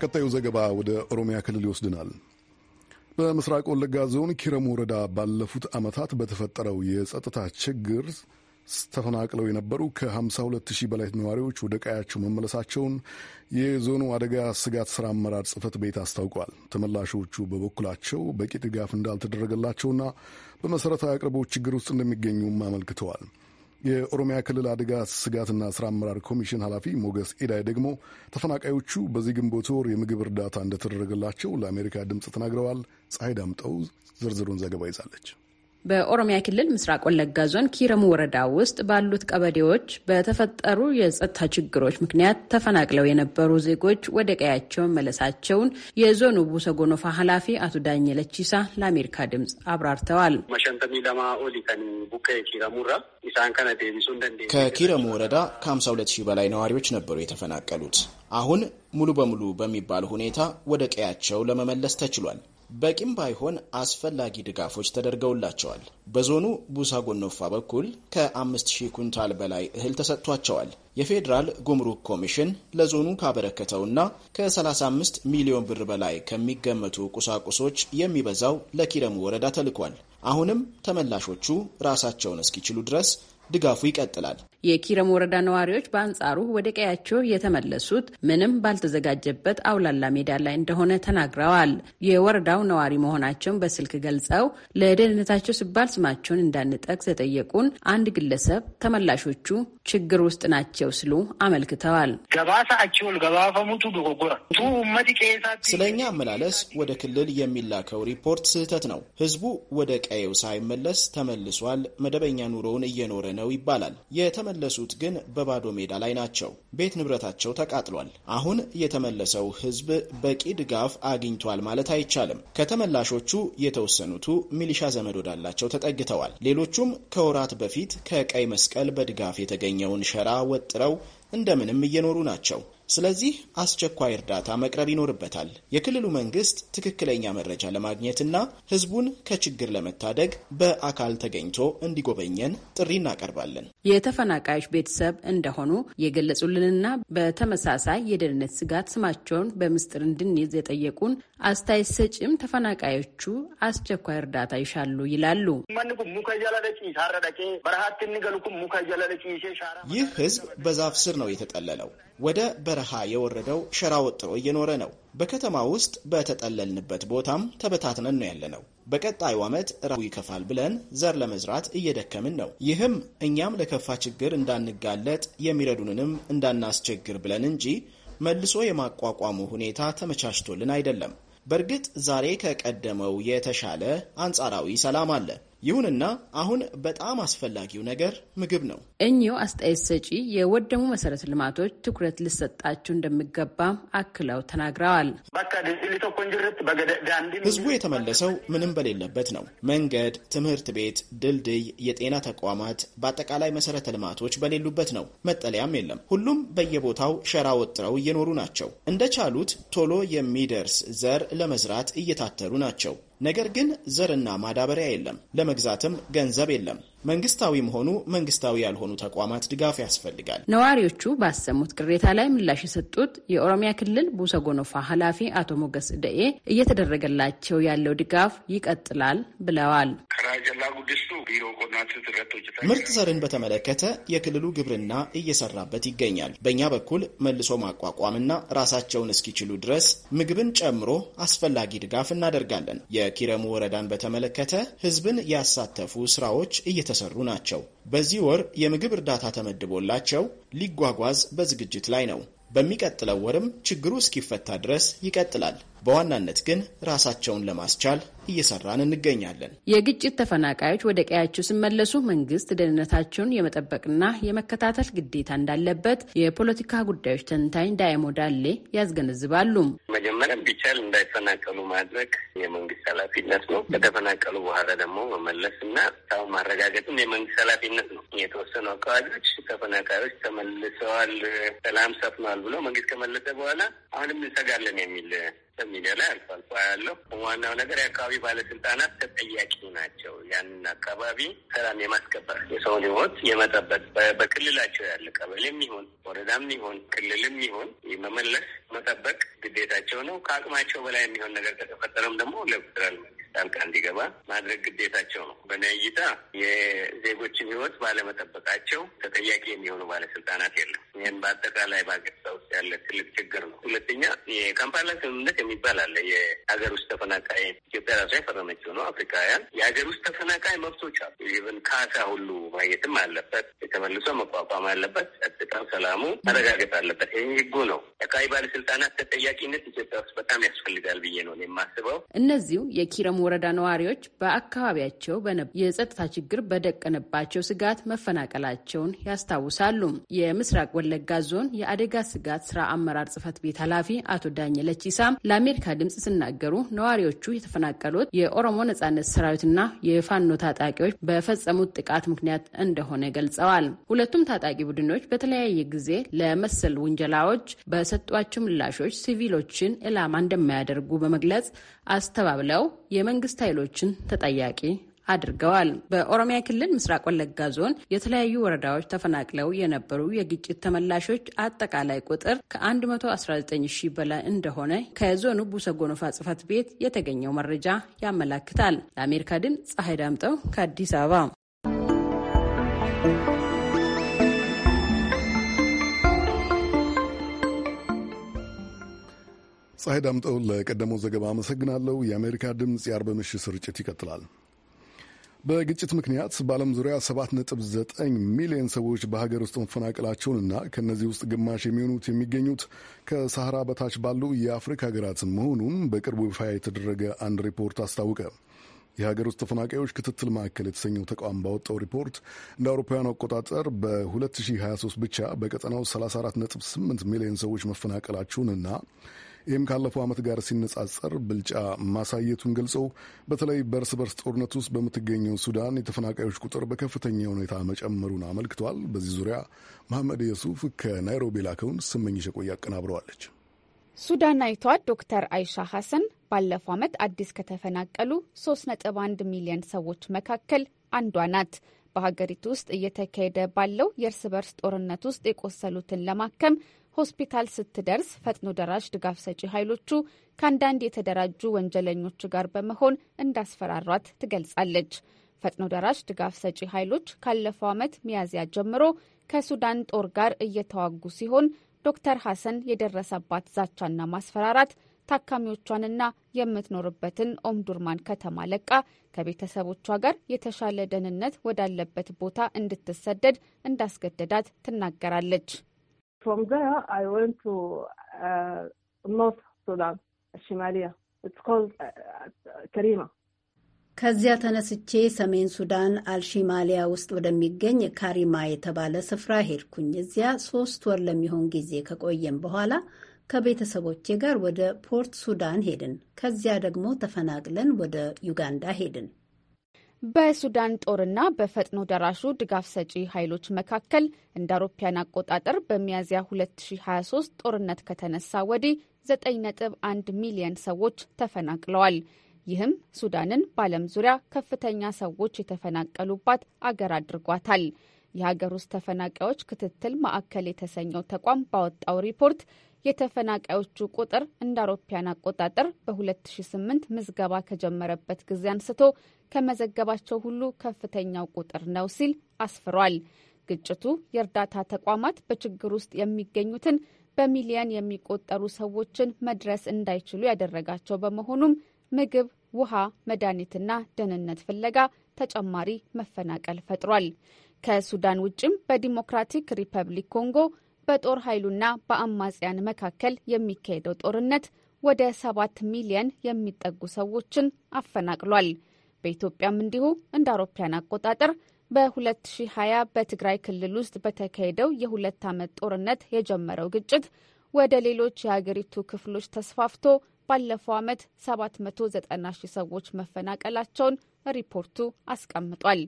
ቀጣዩ ዘገባ ወደ ኦሮሚያ ክልል ይወስድናል። በምስራቅ ወለጋ ዞን ኪረም ወረዳ ባለፉት ዓመታት በተፈጠረው የጸጥታ ችግር ተፈናቅለው የነበሩ ከ52 ሺህ በላይ ነዋሪዎች ወደ ቀያቸው መመለሳቸውን የዞኑ አደጋ ስጋት ሥራ አመራር ጽህፈት ቤት አስታውቋል። ተመላሾቹ በበኩላቸው በቂ ድጋፍ እንዳልተደረገላቸውና በመሠረታዊ አቅርቦት ችግር ውስጥ እንደሚገኙም አመልክተዋል። የኦሮሚያ ክልል አደጋ ስጋትና ስራ አመራር ኮሚሽን ኃላፊ ሞገስ ኢዳይ ደግሞ ተፈናቃዮቹ በዚህ ግንቦት ወር የምግብ እርዳታ እንደተደረገላቸው ለአሜሪካ ድምፅ ተናግረዋል። ፀሐይ ዳምጠው ዝርዝሩን ዘገባ ይዛለች። በኦሮሚያ ክልል ምስራቅ ወለጋ ዞን ኪረሙ ወረዳ ውስጥ ባሉት ቀበሌዎች በተፈጠሩ የጸጥታ ችግሮች ምክንያት ተፈናቅለው የነበሩ ዜጎች ወደ ቀያቸው መለሳቸውን የዞኑ ቡሰ ጎኖፋ ኃላፊ አቶ ዳኝለ ቺሳ ለአሜሪካ ድምፅ አብራርተዋል። ከኪረሙ ወረዳ ከ52 ሺህ በላይ ነዋሪዎች ነበሩ የተፈናቀሉት። አሁን ሙሉ በሙሉ በሚባል ሁኔታ ወደ ቀያቸው ለመመለስ ተችሏል። በቂም ባይሆን አስፈላጊ ድጋፎች ተደርገውላቸዋል። በዞኑ ቡሳ ጎኖፋ በኩል ከ5000 ኩንታል በላይ እህል ተሰጥቷቸዋል። የፌዴራል ጉምሩክ ኮሚሽን ለዞኑ ካበረከተውና ከ35 ሚሊዮን ብር በላይ ከሚገመቱ ቁሳቁሶች የሚበዛው ለኪረሙ ወረዳ ተልኳል። አሁንም ተመላሾቹ ራሳቸውን እስኪችሉ ድረስ ድጋፉ ይቀጥላል። የኪረም ወረዳ ነዋሪዎች በአንጻሩ ወደ ቀያቸው የተመለሱት ምንም ባልተዘጋጀበት አውላላ ሜዳ ላይ እንደሆነ ተናግረዋል። የወረዳው ነዋሪ መሆናቸውን በስልክ ገልጸው ለደህንነታቸው ሲባል ስማቸውን እንዳንጠቅስ የጠየቁን አንድ ግለሰብ ተመላሾቹ ችግር ውስጥ ናቸው ሲሉ አመልክተዋል። ስለ እኛ አመላለስ ወደ ክልል የሚላከው ሪፖርት ስህተት ነው። ህዝቡ ወደ ቀየው ሳይመለስ ተመልሷል። መደበኛ ኑሮውን እየኖረ ነው ይባላል። የተመለሱት ግን በባዶ ሜዳ ላይ ናቸው። ቤት ንብረታቸው ተቃጥሏል። አሁን የተመለሰው ህዝብ በቂ ድጋፍ አግኝቷል ማለት አይቻልም። ከተመላሾቹ የተወሰኑቱ ሚሊሻ ዘመድ ወዳላቸው ተጠግተዋል። ሌሎቹም ከወራት በፊት ከቀይ መስቀል በድጋፍ የተገኘውን ሸራ ወጥረው እንደምንም እየኖሩ ናቸው። ስለዚህ አስቸኳይ እርዳታ መቅረብ ይኖርበታል። የክልሉ መንግስት ትክክለኛ መረጃ ለማግኘትና ህዝቡን ከችግር ለመታደግ በአካል ተገኝቶ እንዲጎበኘን ጥሪ እናቀርባለን። የተፈናቃዮች ቤተሰብ እንደሆኑ የገለጹልንና በተመሳሳይ የደህንነት ስጋት ስማቸውን በምስጢር እንድንይዝ የጠየቁን አስተያየት ሰጪም ተፈናቃዮቹ አስቸኳይ እርዳታ ይሻሉ ይላሉ። ይህ ህዝብ በዛፍ ስር ነው የተጠለለው። ወደ በረ በበረሃ የወረደው ሸራ ወጥሮ እየኖረ ነው። በከተማ ውስጥ በተጠለልንበት ቦታም ተበታትነን ነው ያለነው። በቀጣዩ ዓመት ራቡ ይከፋል ብለን ዘር ለመዝራት እየደከምን ነው። ይህም እኛም ለከፋ ችግር እንዳንጋለጥ የሚረዱንንም እንዳናስቸግር ብለን እንጂ መልሶ የማቋቋሙ ሁኔታ ተመቻችቶልን አይደለም። በእርግጥ ዛሬ ከቀደመው የተሻለ አንጻራዊ ሰላም አለ። ይሁንና አሁን በጣም አስፈላጊው ነገር ምግብ ነው። እኚሁ አስተያየት ሰጪ የወደሙ መሰረተ ልማቶች ትኩረት ልሰጣቸው እንደሚገባም አክለው ተናግረዋል። ህዝቡ የተመለሰው ምንም በሌለበት ነው። መንገድ፣ ትምህርት ቤት፣ ድልድይ፣ የጤና ተቋማት፣ በአጠቃላይ መሰረተ ልማቶች በሌሉበት ነው። መጠለያም የለም። ሁሉም በየቦታው ሸራ ወጥረው እየኖሩ ናቸው። እንደቻሉት ቶሎ የሚደርስ ዘር ለመዝራት እየታተሩ ናቸው። ነገር ግን ዘርና ማዳበሪያ የለም፣ ለመግዛትም ገንዘብ የለም። መንግስታዊ መሆኑ መንግስታዊ ያልሆኑ ተቋማት ድጋፍ ያስፈልጋል። ነዋሪዎቹ ባሰሙት ቅሬታ ላይ ምላሽ የሰጡት የኦሮሚያ ክልል ቡሰጎኖፋ ኃላፊ አቶ ሞገስ ደኤ እየተደረገላቸው ያለው ድጋፍ ይቀጥላል ብለዋል። ምርጥ ዘርን በተመለከተ የክልሉ ግብርና እየሰራበት ይገኛል። በእኛ በኩል መልሶ ማቋቋምና ራሳቸውን እስኪችሉ ድረስ ምግብን ጨምሮ አስፈላጊ ድጋፍ እናደርጋለን። የኪረሙ ወረዳን በተመለከተ ህዝብን ያሳተፉ ስራዎች እየ የተሰሩ ናቸው። በዚህ ወር የምግብ እርዳታ ተመድቦላቸው ሊጓጓዝ በዝግጅት ላይ ነው። በሚቀጥለው ወርም ችግሩ እስኪፈታ ድረስ ይቀጥላል። በዋናነት ግን ራሳቸውን ለማስቻል እየሰራን እንገኛለን። የግጭት ተፈናቃዮች ወደ ቀያቸው ሲመለሱ መንግስት ደህንነታቸውን የመጠበቅና የመከታተል ግዴታ እንዳለበት የፖለቲካ ጉዳዮች ተንታኝ ዳኤሞ ዳሌ ያስገነዝባሉ። መጀመሪያም ቢቻል እንዳይፈናቀሉ ማድረግ የመንግስት ኃላፊነት ነው። ከተፈናቀሉ በኋላ ደግሞ መመለስ እና ሰው ማረጋገጥም የመንግስት ኃላፊነት ነው። የተወሰኑ አካባቢዎች ተፈናቃዮች ተመልሰዋል፣ ሰላም ሰፍኗል ብሎ መንግስት ከመለሰ በኋላ አሁንም እንሰጋለን የሚል ሚዲያ ላይ አልፎ አልፎ ያለው ዋናው ነገር የአካባቢ ባለስልጣናት ተጠያቂ ናቸው። ያንን አካባቢ ሰላም የማስከበር የሰውን ሕይወት የመጠበቅ በክልላቸው ያለ ቀበሌም ይሁን ወረዳም ይሁን ክልልም ይሁን መመለስ መጠበቅ ግዴታቸው ነው። ከአቅማቸው በላይ የሚሆን ነገር ከተፈጠረም ደግሞ ለፌደራል ጣልቃ እንዲገባ ማድረግ ግዴታቸው ነው። በእኔ እይታ የዜጎችን ህይወት ባለመጠበቃቸው ተጠያቂ የሚሆኑ ባለስልጣናት የለም። ይህን በአጠቃላይ በአገሪቷ ውስጥ ያለ ትልቅ ችግር ነው። ሁለተኛ የካምፓላ ስምምነት የሚባል አለ። የሀገር ውስጥ ተፈናቃይ ኢትዮጵያ ራሷ የፈረመችው ነው። አፍሪካውያን የሀገር ውስጥ ተፈናቃይ መብቶች አሉ። ይህን ካሳ ሁሉ ማየትም አለበት። የተመልሶ መቋቋም አለበት። ጸጥታው፣ ሰላሙ መረጋገጥ አለበት። ይህ ህጉ ነው። ጠቃሚ ባለስልጣናት ተጠያቂነት ኢትዮጵያ ውስጥ በጣም ያስፈልጋል ብዬ ነው የማስበው። እነዚሁ የኪረሙ ወረዳ ነዋሪዎች በአካባቢያቸው የጸጥታ ችግር በደቀነባቸው ስጋት መፈናቀላቸውን ያስታውሳሉ። የምስራቅ ወለጋ ዞን የአደጋ ስጋት ስራ አመራር ጽህፈት ቤት ኃላፊ አቶ ዳኘ ለቺሳም ለአሜሪካ ድምጽ ሲናገሩ ነዋሪዎቹ የተፈናቀሉት የኦሮሞ ነጻነት ሰራዊትና የፋኖ ታጣቂዎች በፈጸሙት ጥቃት ምክንያት እንደሆነ ገልጸዋል። ሁለቱም ታጣቂ ቡድኖች በተለያየ ጊዜ ለመሰል ውንጀላዎች በሰጧቸው ምላሾች ሲቪሎችን ዕላማ እንደማያደርጉ በመግለጽ አስተባብለው የመንግስት ኃይሎችን ተጠያቂ አድርገዋል። በኦሮሚያ ክልል ምስራቅ ወለጋ ዞን የተለያዩ ወረዳዎች ተፈናቅለው የነበሩ የግጭት ተመላሾች አጠቃላይ ቁጥር ከ119 ሺህ በላይ እንደሆነ ከዞኑ ቡሰ ጎኖፋ ቤት የተገኘው መረጃ ያመላክታል። ለአሜሪካ ድምፅ ፀሐይ ዳምጠው ከአዲስ አበባ ፀሐይ ዳምጠው ለቀደመው ዘገባ አመሰግናለሁ። የአሜሪካ ድምፅ የአርብ ምሽት ስርጭት ይቀጥላል። በግጭት ምክንያት በዓለም ዙሪያ 7.9 ሚሊዮን ሰዎች በሀገር ውስጥ መፈናቀላቸውንና ከእነዚህ ውስጥ ግማሽ የሚሆኑት የሚገኙት ከሳህራ በታች ባሉ የአፍሪካ ሀገራት መሆኑን በቅርቡ ይፋ የተደረገ አንድ ሪፖርት አስታወቀ። የሀገር ውስጥ ተፈናቃዮች ክትትል ማዕከል የተሰኘው ተቋም ባወጣው ሪፖርት እንደ አውሮፓውያኑ አቆጣጠር በ2023 ብቻ በቀጠናው 34.8 ሚሊዮን ሰዎች መፈናቀላቸውንና ይህም ካለፈው ዓመት ጋር ሲነጻጸር ብልጫ ማሳየቱን ገልጾ በተለይ በእርስ በርስ ጦርነት ውስጥ በምትገኘው ሱዳን የተፈናቃዮች ቁጥር በከፍተኛ ሁኔታ መጨመሩን አመልክቷል። በዚህ ዙሪያ መሐመድ የሱፍ ከናይሮቢ ላከውን ስመኝሽ ቆያ አቀናብረዋለች። ሱዳናዊቷ ዶክተር አይሻ ሐሰን ባለፈው ዓመት አዲስ ከተፈናቀሉ 3.1 ሚሊዮን ሰዎች መካከል አንዷ ናት። በሀገሪቱ ውስጥ እየተካሄደ ባለው የእርስ በርስ ጦርነት ውስጥ የቆሰሉትን ለማከም ሆስፒታል ስትደርስ ፈጥኖ ደራሽ ድጋፍ ሰጪ ኃይሎቹ ከአንዳንድ የተደራጁ ወንጀለኞች ጋር በመሆን እንዳስፈራሯት ትገልጻለች። ፈጥኖ ደራሽ ድጋፍ ሰጪ ኃይሎች ካለፈው ዓመት ሚያዝያ ጀምሮ ከሱዳን ጦር ጋር እየተዋጉ ሲሆን ዶክተር ሐሰን የደረሰባት ዛቻና ማስፈራራት ታካሚዎቿንና የምትኖርበትን ኦምዱርማን ከተማ ለቃ ከቤተሰቦቿ ጋር የተሻለ ደህንነት ወዳለበት ቦታ እንድትሰደድ እንዳስገደዳት ትናገራለች። From there, I went to uh, North Sudan, Shimalia. It's called uh, uh, Karima. ከዚያ ተነስቼ ሰሜን ሱዳን አልሺማሊያ ውስጥ ወደሚገኝ ካሪማ የተባለ ስፍራ ሄድኩኝ። እዚያ ሶስት ወር ለሚሆን ጊዜ ከቆየም በኋላ ከቤተሰቦቼ ጋር ወደ ፖርት ሱዳን ሄድን። ከዚያ ደግሞ ተፈናቅለን ወደ ዩጋንዳ ሄድን። በሱዳን ጦርና በፈጥኖ ደራሹ ድጋፍ ሰጪ ኃይሎች መካከል እንደ አውሮፓያን አቆጣጠር በሚያዝያ 2023 ጦርነት ከተነሳ ወዲህ 9.1 ሚሊዮን ሰዎች ተፈናቅለዋል። ይህም ሱዳንን በዓለም ዙሪያ ከፍተኛ ሰዎች የተፈናቀሉባት አገር አድርጓታል። የሀገር ውስጥ ተፈናቃዮች ክትትል ማዕከል የተሰኘው ተቋም ባወጣው ሪፖርት የተፈናቃዮቹ ቁጥር እንደ አውሮፓያን አቆጣጠር በ2008 ምዝገባ ከጀመረበት ጊዜ አንስቶ ከመዘገባቸው ሁሉ ከፍተኛው ቁጥር ነው ሲል አስፍሯል። ግጭቱ የእርዳታ ተቋማት በችግር ውስጥ የሚገኙትን በሚሊየን የሚቆጠሩ ሰዎችን መድረስ እንዳይችሉ ያደረጋቸው በመሆኑም ምግብ፣ ውሃ፣ መድኃኒትና ደህንነት ፍለጋ ተጨማሪ መፈናቀል ፈጥሯል። ከሱዳን ውጭም በዲሞክራቲክ ሪፐብሊክ ኮንጎ በጦር ኃይሉና በአማጽያን መካከል የሚካሄደው ጦርነት ወደ ሰባት ሚሊየን የሚጠጉ ሰዎችን አፈናቅሏል። በኢትዮጵያም እንዲሁ እንደ አውሮፓያን አቆጣጠር በ2020 በትግራይ ክልል ውስጥ በተካሄደው የሁለት ዓመት ጦርነት የጀመረው ግጭት ወደ ሌሎች የሀገሪቱ ክፍሎች ተስፋፍቶ ባለፈው ዓመት 790 ሺህ ሰዎች መፈናቀላቸውን ሪፖርቱ አስቀምጧል።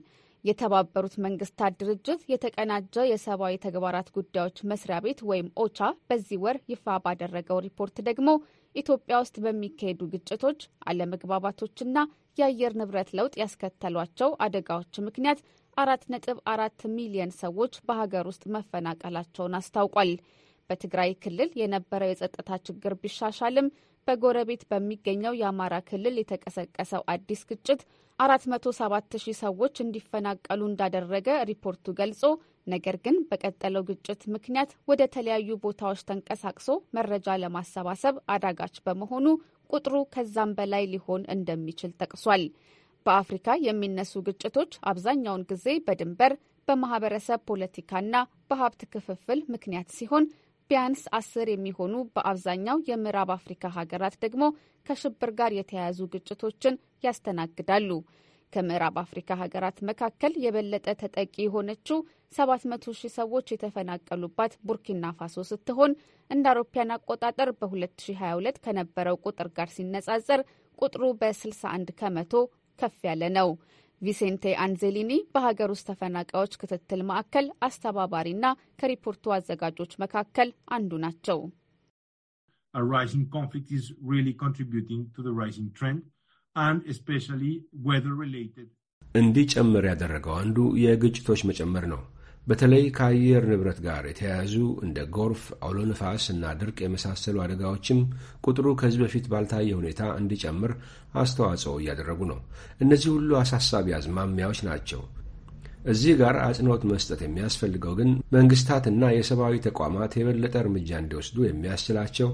የተባበሩት መንግስታት ድርጅት የተቀናጀ የሰብአዊ ተግባራት ጉዳዮች መስሪያ ቤት ወይም ኦቻ በዚህ ወር ይፋ ባደረገው ሪፖርት ደግሞ ኢትዮጵያ ውስጥ በሚካሄዱ ግጭቶች፣ አለመግባባቶችና የአየር ንብረት ለውጥ ያስከተሏቸው አደጋዎች ምክንያት አራት ነጥብ አራት ሚሊየን ሰዎች በሀገር ውስጥ መፈናቀላቸውን አስታውቋል። በትግራይ ክልል የነበረው የጸጥታ ችግር ቢሻሻልም በጎረቤት በሚገኘው የአማራ ክልል የተቀሰቀሰው አዲስ ግጭት 47,000 ሰዎች እንዲፈናቀሉ እንዳደረገ ሪፖርቱ ገልጾ ነገር ግን በቀጠለው ግጭት ምክንያት ወደ ተለያዩ ቦታዎች ተንቀሳቅሶ መረጃ ለማሰባሰብ አዳጋች በመሆኑ ቁጥሩ ከዛም በላይ ሊሆን እንደሚችል ጠቅሷል። በአፍሪካ የሚነሱ ግጭቶች አብዛኛውን ጊዜ በድንበር በማህበረሰብ ፖለቲካና በሀብት ክፍፍል ምክንያት ሲሆን ቢያንስ አስር የሚሆኑ በአብዛኛው የምዕራብ አፍሪካ ሀገራት ደግሞ ከሽብር ጋር የተያያዙ ግጭቶችን ያስተናግዳሉ። ከምዕራብ አፍሪካ ሀገራት መካከል የበለጠ ተጠቂ የሆነችው 700 ሺህ ሰዎች የተፈናቀሉባት ቡርኪና ፋሶ ስትሆን እንደ አውሮፓያን አቆጣጠር በ2022 ከነበረው ቁጥር ጋር ሲነጻጸር ቁጥሩ በ61 ከመቶ ከፍ ያለ ነው። ቪሴንቴ አንዜሊኒ በሀገር ውስጥ ተፈናቃዮች ክትትል ማዕከል አስተባባሪና ከሪፖርቱ አዘጋጆች መካከል አንዱ ናቸው። እንዲጨምር ያደረገው አንዱ የግጭቶች መጨመር ነው። በተለይ ከአየር ንብረት ጋር የተያያዙ እንደ ጎርፍ፣ አውሎ ነፋስ እና ድርቅ የመሳሰሉ አደጋዎችም ቁጥሩ ከዚህ በፊት ባልታየ ሁኔታ እንዲጨምር አስተዋጽኦ እያደረጉ ነው። እነዚህ ሁሉ አሳሳቢ አዝማሚያዎች ናቸው። እዚህ ጋር አጽንኦት መስጠት የሚያስፈልገው ግን መንግስታትና የሰብአዊ ተቋማት የበለጠ እርምጃ እንዲወስዱ የሚያስችላቸው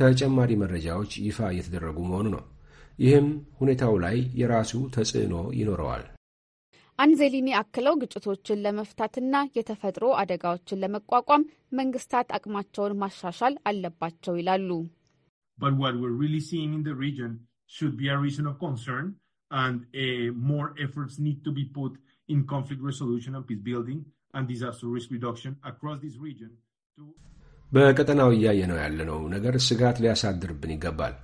ተጨማሪ መረጃዎች ይፋ እየተደረጉ መሆኑ ነው። ይህም ሁኔታው ላይ የራሱ ተጽዕኖ ይኖረዋል። አንዜሊኒ አክለው ግጭቶችን ለመፍታትና የተፈጥሮ አደጋዎችን ለመቋቋም መንግስታት አቅማቸውን ማሻሻል አለባቸው ይላሉ። uh, በቀጠናው እያየነው ያለነው ነገር ስጋት ሊያሳድርብን ይገባል።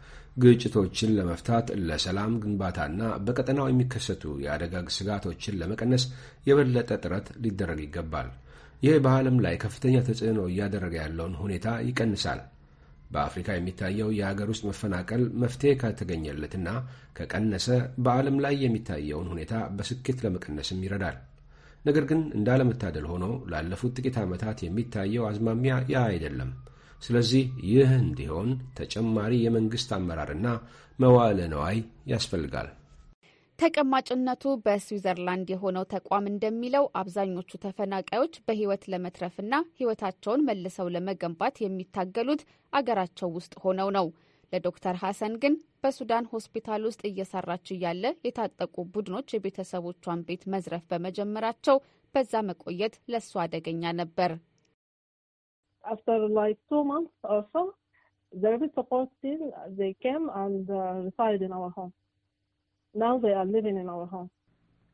ግጭቶችን ለመፍታት ለሰላም ግንባታና በቀጠናው የሚከሰቱ የአደጋ ስጋቶችን ለመቀነስ የበለጠ ጥረት ሊደረግ ይገባል። ይህ በዓለም ላይ ከፍተኛ ተጽዕኖ እያደረገ ያለውን ሁኔታ ይቀንሳል። በአፍሪካ የሚታየው የአገር ውስጥ መፈናቀል መፍትሄ ከተገኘለትና ከቀነሰ በዓለም ላይ የሚታየውን ሁኔታ በስኬት ለመቀነስም ይረዳል። ነገር ግን እንዳለመታደል ሆኖ ላለፉት ጥቂት ዓመታት የሚታየው አዝማሚያ ያ አይደለም። ስለዚህ ይህ እንዲሆን ተጨማሪ የመንግሥት አመራርና መዋለ ነዋይ ያስፈልጋል። ተቀማጭነቱ በስዊዘርላንድ የሆነው ተቋም እንደሚለው አብዛኞቹ ተፈናቃዮች በህይወት ለመትረፍና ህይወታቸውን መልሰው ለመገንባት የሚታገሉት አገራቸው ውስጥ ሆነው ነው። ለዶክተር ሐሰን ግን በሱዳን ሆስፒታል ውስጥ እየሰራች እያለ የታጠቁ ቡድኖች የቤተሰቦቿን ቤት መዝረፍ በመጀመራቸው በዛ መቆየት ለእሷ አደገኛ ነበር። after like two months or so, the rapid support team they came and uh, resided in our home. Now they are living in our home.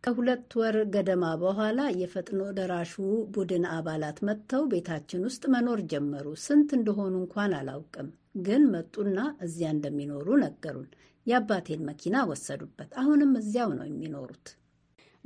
ከሁለት ወር ገደማ በኋላ የፈጥኖ ደራሹ ቡድን አባላት መጥተው ቤታችን ውስጥ መኖር ጀመሩ። ስንት እንደሆኑ እንኳን አላውቅም፣ ግን መጡና እዚያ እንደሚኖሩ ነገሩን። የአባቴን መኪና ወሰዱበት። አሁንም እዚያው ነው የሚኖሩት።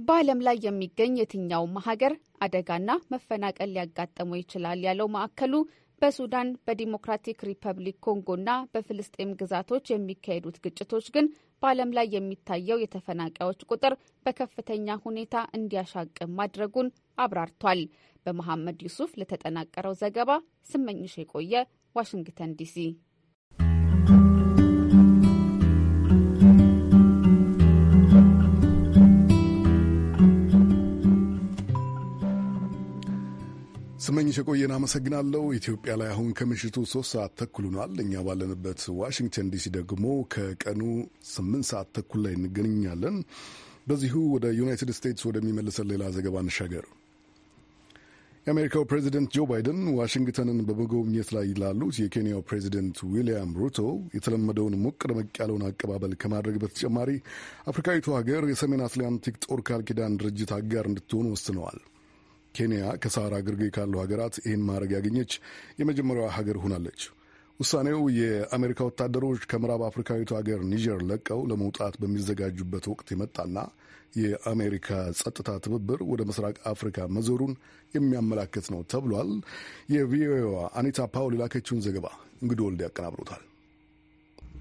በዓለም ላይ የሚገኝ የትኛውም ሀገር አደጋና መፈናቀል ሊያጋጥመው ይችላል ያለው ማዕከሉ በሱዳን በዲሞክራቲክ ሪፐብሊክ ኮንጎና በፍልስጤም ግዛቶች የሚካሄዱት ግጭቶች ግን በዓለም ላይ የሚታየው የተፈናቃዮች ቁጥር በከፍተኛ ሁኔታ እንዲያሻቅም ማድረጉን አብራርቷል። በመሐመድ ዩሱፍ ለተጠናቀረው ዘገባ ስመኝሽ የቆየ ዋሽንግተን ዲሲ ስመኝሽ የቆየን አመሰግናለሁ። ኢትዮጵያ ላይ አሁን ከምሽቱ ሶስት ሰዓት ተኩል ሆኗል። እኛ ባለንበት ዋሽንግተን ዲሲ ደግሞ ከቀኑ ስምንት ሰዓት ተኩል ላይ እንገናኛለን። በዚሁ ወደ ዩናይትድ ስቴትስ ወደሚመልሰን ሌላ ዘገባ እንሻገር። የአሜሪካው ፕሬዚደንት ጆ ባይደን ዋሽንግተንን በመጎብኘት ላይ ላሉት የኬንያው ፕሬዚደንት ዊልያም ሩቶ የተለመደውን ሞቅ ደመቅ ያለውን አቀባበል ከማድረግ በተጨማሪ አፍሪካዊቱ ሀገር የሰሜን አትላንቲክ ጦር ቃል ኪዳን ድርጅት አጋር እንድትሆን ወስነዋል። ኬንያ ከሳህራ ግርጌ ካሉ ሀገራት ይህን ማድረግ ያገኘች የመጀመሪያዋ ሀገር ሆናለች። ውሳኔው የአሜሪካ ወታደሮች ከምዕራብ አፍሪካዊቱ ሀገር ኒጀር ለቀው ለመውጣት በሚዘጋጁበት ወቅት የመጣና የአሜሪካ ጸጥታ ትብብር ወደ ምስራቅ አፍሪካ መዞሩን የሚያመላክት ነው ተብሏል። የቪኦኤዋ አኒታ ፓውል የላከችውን ዘገባ እንግዶ ወልድ ያቀናብሮታል።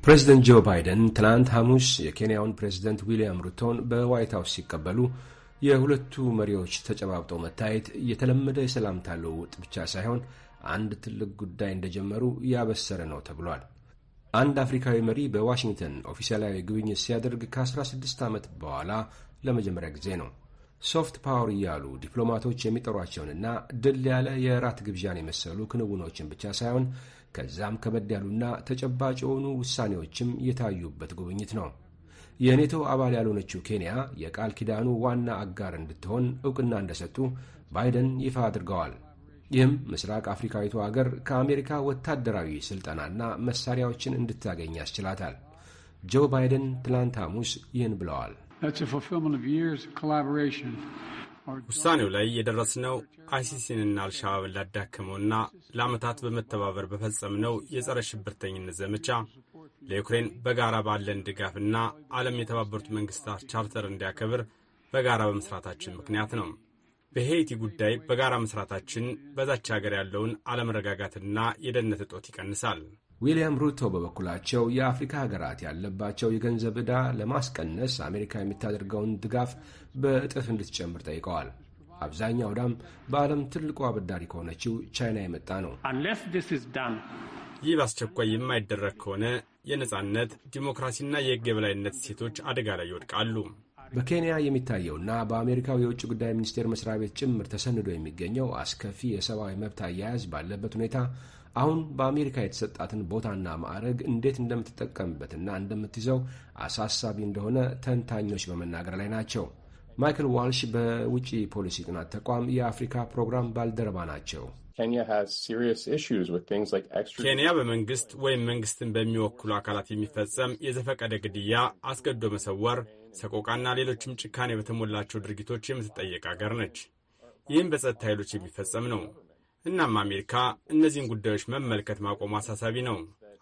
ፕሬዚደንት ጆ ባይደን ትናንት ሐሙስ የኬንያውን ፕሬዚደንት ዊልያም ሩቶን በዋይት ሀውስ ሲቀበሉ የሁለቱ መሪዎች ተጨባብጠው መታየት የተለመደ የሰላምታ ልውውጥ ብቻ ሳይሆን አንድ ትልቅ ጉዳይ እንደጀመሩ ያበሰረ ነው ተብሏል። አንድ አፍሪካዊ መሪ በዋሽንግተን ኦፊሴላዊ ጉብኝት ሲያደርግ ከ16 ዓመት በኋላ ለመጀመሪያ ጊዜ ነው። ሶፍት ፓወር እያሉ ዲፕሎማቶች የሚጠሯቸውንና ድል ያለ የእራት ግብዣን የመሰሉ ክንውኖችን ብቻ ሳይሆን ከዛም ከበድ ያሉና ተጨባጭ የሆኑ ውሳኔዎችም የታዩበት ጉብኝት ነው። የኔቶ አባል ያልሆነችው ኬንያ የቃል ኪዳኑ ዋና አጋር እንድትሆን እውቅና እንደሰጡ ባይደን ይፋ አድርገዋል። ይህም ምስራቅ አፍሪካዊቱ አገር ከአሜሪካ ወታደራዊ ሥልጠናና መሳሪያዎችን እንድታገኝ ያስችላታል። ጆ ባይደን ትላንት ሐሙስ ይህን ብለዋል። ውሳኔው ላይ የደረስነው አይሲሲንና አልሻባብን ላዳከመውና ለዓመታት በመተባበር በፈጸምነው የጸረ ሽብርተኝነት ዘመቻ ለዩክሬን በጋራ ባለን ድጋፍና ዓለም የተባበሩት መንግስታት ቻርተር እንዲያከብር በጋራ በመስራታችን ምክንያት ነው። በሄይቲ ጉዳይ በጋራ መስራታችን በዛች ሀገር ያለውን አለመረጋጋትና የደህንነት እጦት ይቀንሳል። ዊልያም ሩቶ በበኩላቸው የአፍሪካ ሀገራት ያለባቸው የገንዘብ ዕዳ ለማስቀነስ አሜሪካ የምታደርገውን ድጋፍ በእጥፍ እንድትጨምር ጠይቀዋል። አብዛኛው ዕዳም በዓለም ትልቁ አበዳሪ ከሆነችው ቻይና የመጣ ነው። ይህ በአስቸኳይ የማይደረግ ከሆነ የነጻነት ዲሞክራሲና የሕግ የበላይነት እሴቶች አደጋ ላይ ይወድቃሉ። በኬንያ የሚታየውና በአሜሪካው የውጭ ጉዳይ ሚኒስቴር መስሪያ ቤት ጭምር ተሰንዶ የሚገኘው አስከፊ የሰብአዊ መብት አያያዝ ባለበት ሁኔታ አሁን በአሜሪካ የተሰጣትን ቦታና ማዕረግ እንዴት እንደምትጠቀምበትና እንደምትይዘው አሳሳቢ እንደሆነ ተንታኞች በመናገር ላይ ናቸው። ማይክል ዋልሽ በውጭ ፖሊሲ ጥናት ተቋም የአፍሪካ ፕሮግራም ባልደረባ ናቸው። ኬንያ በመንግስት ወይም መንግስትን በሚወክሉ አካላት የሚፈጸም የዘፈቀደ ግድያ፣ አስገድዶ መሰወር፣ ሰቆቃና ሌሎችም ጭካኔ በተሞላቸው ድርጊቶች የምትጠየቅ አገር ነች። ይህም በጸጥታ ኃይሎች የሚፈጸም ነው። እናም አሜሪካ እነዚህን ጉዳዮች መመልከት ማቆሙ አሳሳቢ ነው።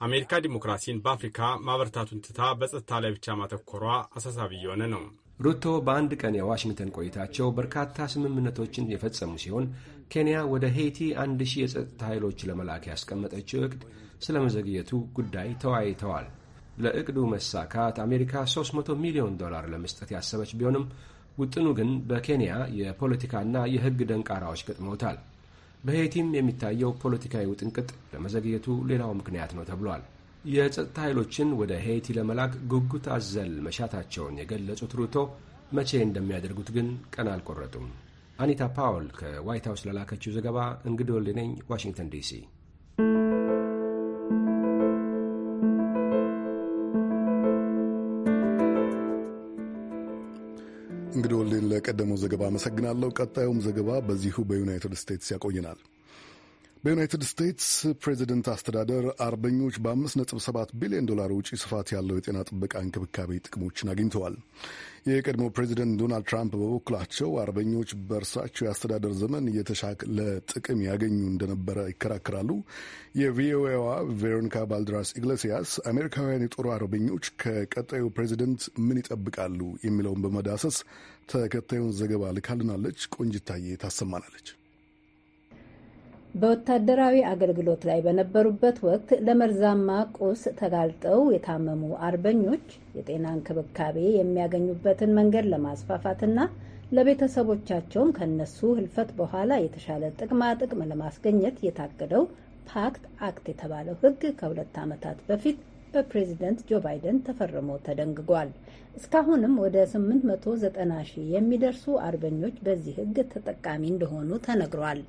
አሜሪካ ዲሞክራሲን በአፍሪካ ማበርታቱን ትታ በጸጥታ ላይ ብቻ ማተኮሯ አሳሳቢ እየሆነ ነው። ሩቶ በአንድ ቀን የዋሽንግተን ቆይታቸው በርካታ ስምምነቶችን የፈጸሙ ሲሆን ኬንያ ወደ ሄይቲ አንድ ሺህ የጸጥታ ኃይሎች ለመላክ ያስቀመጠችው እቅድ ስለ መዘግየቱ ጉዳይ ተወያይተዋል። ለእቅዱ መሳካት አሜሪካ 300 ሚሊዮን ዶላር ለመስጠት ያሰበች ቢሆንም ውጥኑ ግን በኬንያ የፖለቲካና የሕግ ደንቃራዎች ገጥመውታል። በሄቲም የሚታየው ፖለቲካዊ ውጥንቅጥ ለመዘግየቱ ሌላው ምክንያት ነው ተብሏል። የጸጥታ ኃይሎችን ወደ ሄይቲ ለመላክ ጉጉት አዘል መሻታቸውን የገለጹት ሩቶ መቼ እንደሚያደርጉት ግን ቀን አልቆረጡም። አኒታ ፓውል ከዋይት ሀውስ ለላከችው ዘገባ እንግዶልነኝ ዋሽንግተን ዲሲ አመሰግናለሁ። ቀጣዩም ዘገባ በዚሁ በዩናይትድ ስቴትስ ያቆየናል። በዩናይትድ ስቴትስ ፕሬዚደንት አስተዳደር አርበኞች በ5.7 ቢሊዮን ዶላር ውጪ ስፋት ያለው የጤና ጥበቃ እንክብካቤ ጥቅሞችን አግኝተዋል። የቀድሞ ፕሬዚደንት ዶናልድ ትራምፕ በበኩላቸው አርበኞች በእርሳቸው የአስተዳደር ዘመን የተሻለ ጥቅም ያገኙ እንደነበረ ይከራከራሉ። የቪኦኤዋ ቬሮኒካ ባልድራስ ኢግሌሲያስ አሜሪካውያን የጦር አርበኞች ከቀጣዩ ፕሬዚደንት ምን ይጠብቃሉ የሚለውን በመዳሰስ ተከታዩን ዘገባ ልካልናለች። ቆንጅታዬ ታሰማናለች። በወታደራዊ አገልግሎት ላይ በነበሩበት ወቅት ለመርዛማ ቁስ ተጋልጠው የታመሙ አርበኞች የጤና እንክብካቤ የሚያገኙበትን መንገድ ለማስፋፋትና ለቤተሰቦቻቸውም ከነሱ ህልፈት በኋላ የተሻለ ጥቅማ ጥቅም ለማስገኘት የታቀደው ፓክት አክት የተባለው ህግ ከሁለት ዓመታት በፊት በፕሬዚደንት ጆ ባይደን ተፈርሞ ተደንግጓል። እስካሁንም ወደ 890 ሺህ የሚደርሱ አርበኞች በዚህ ሕግ ተጠቃሚ እንደሆኑ ተነግሯል።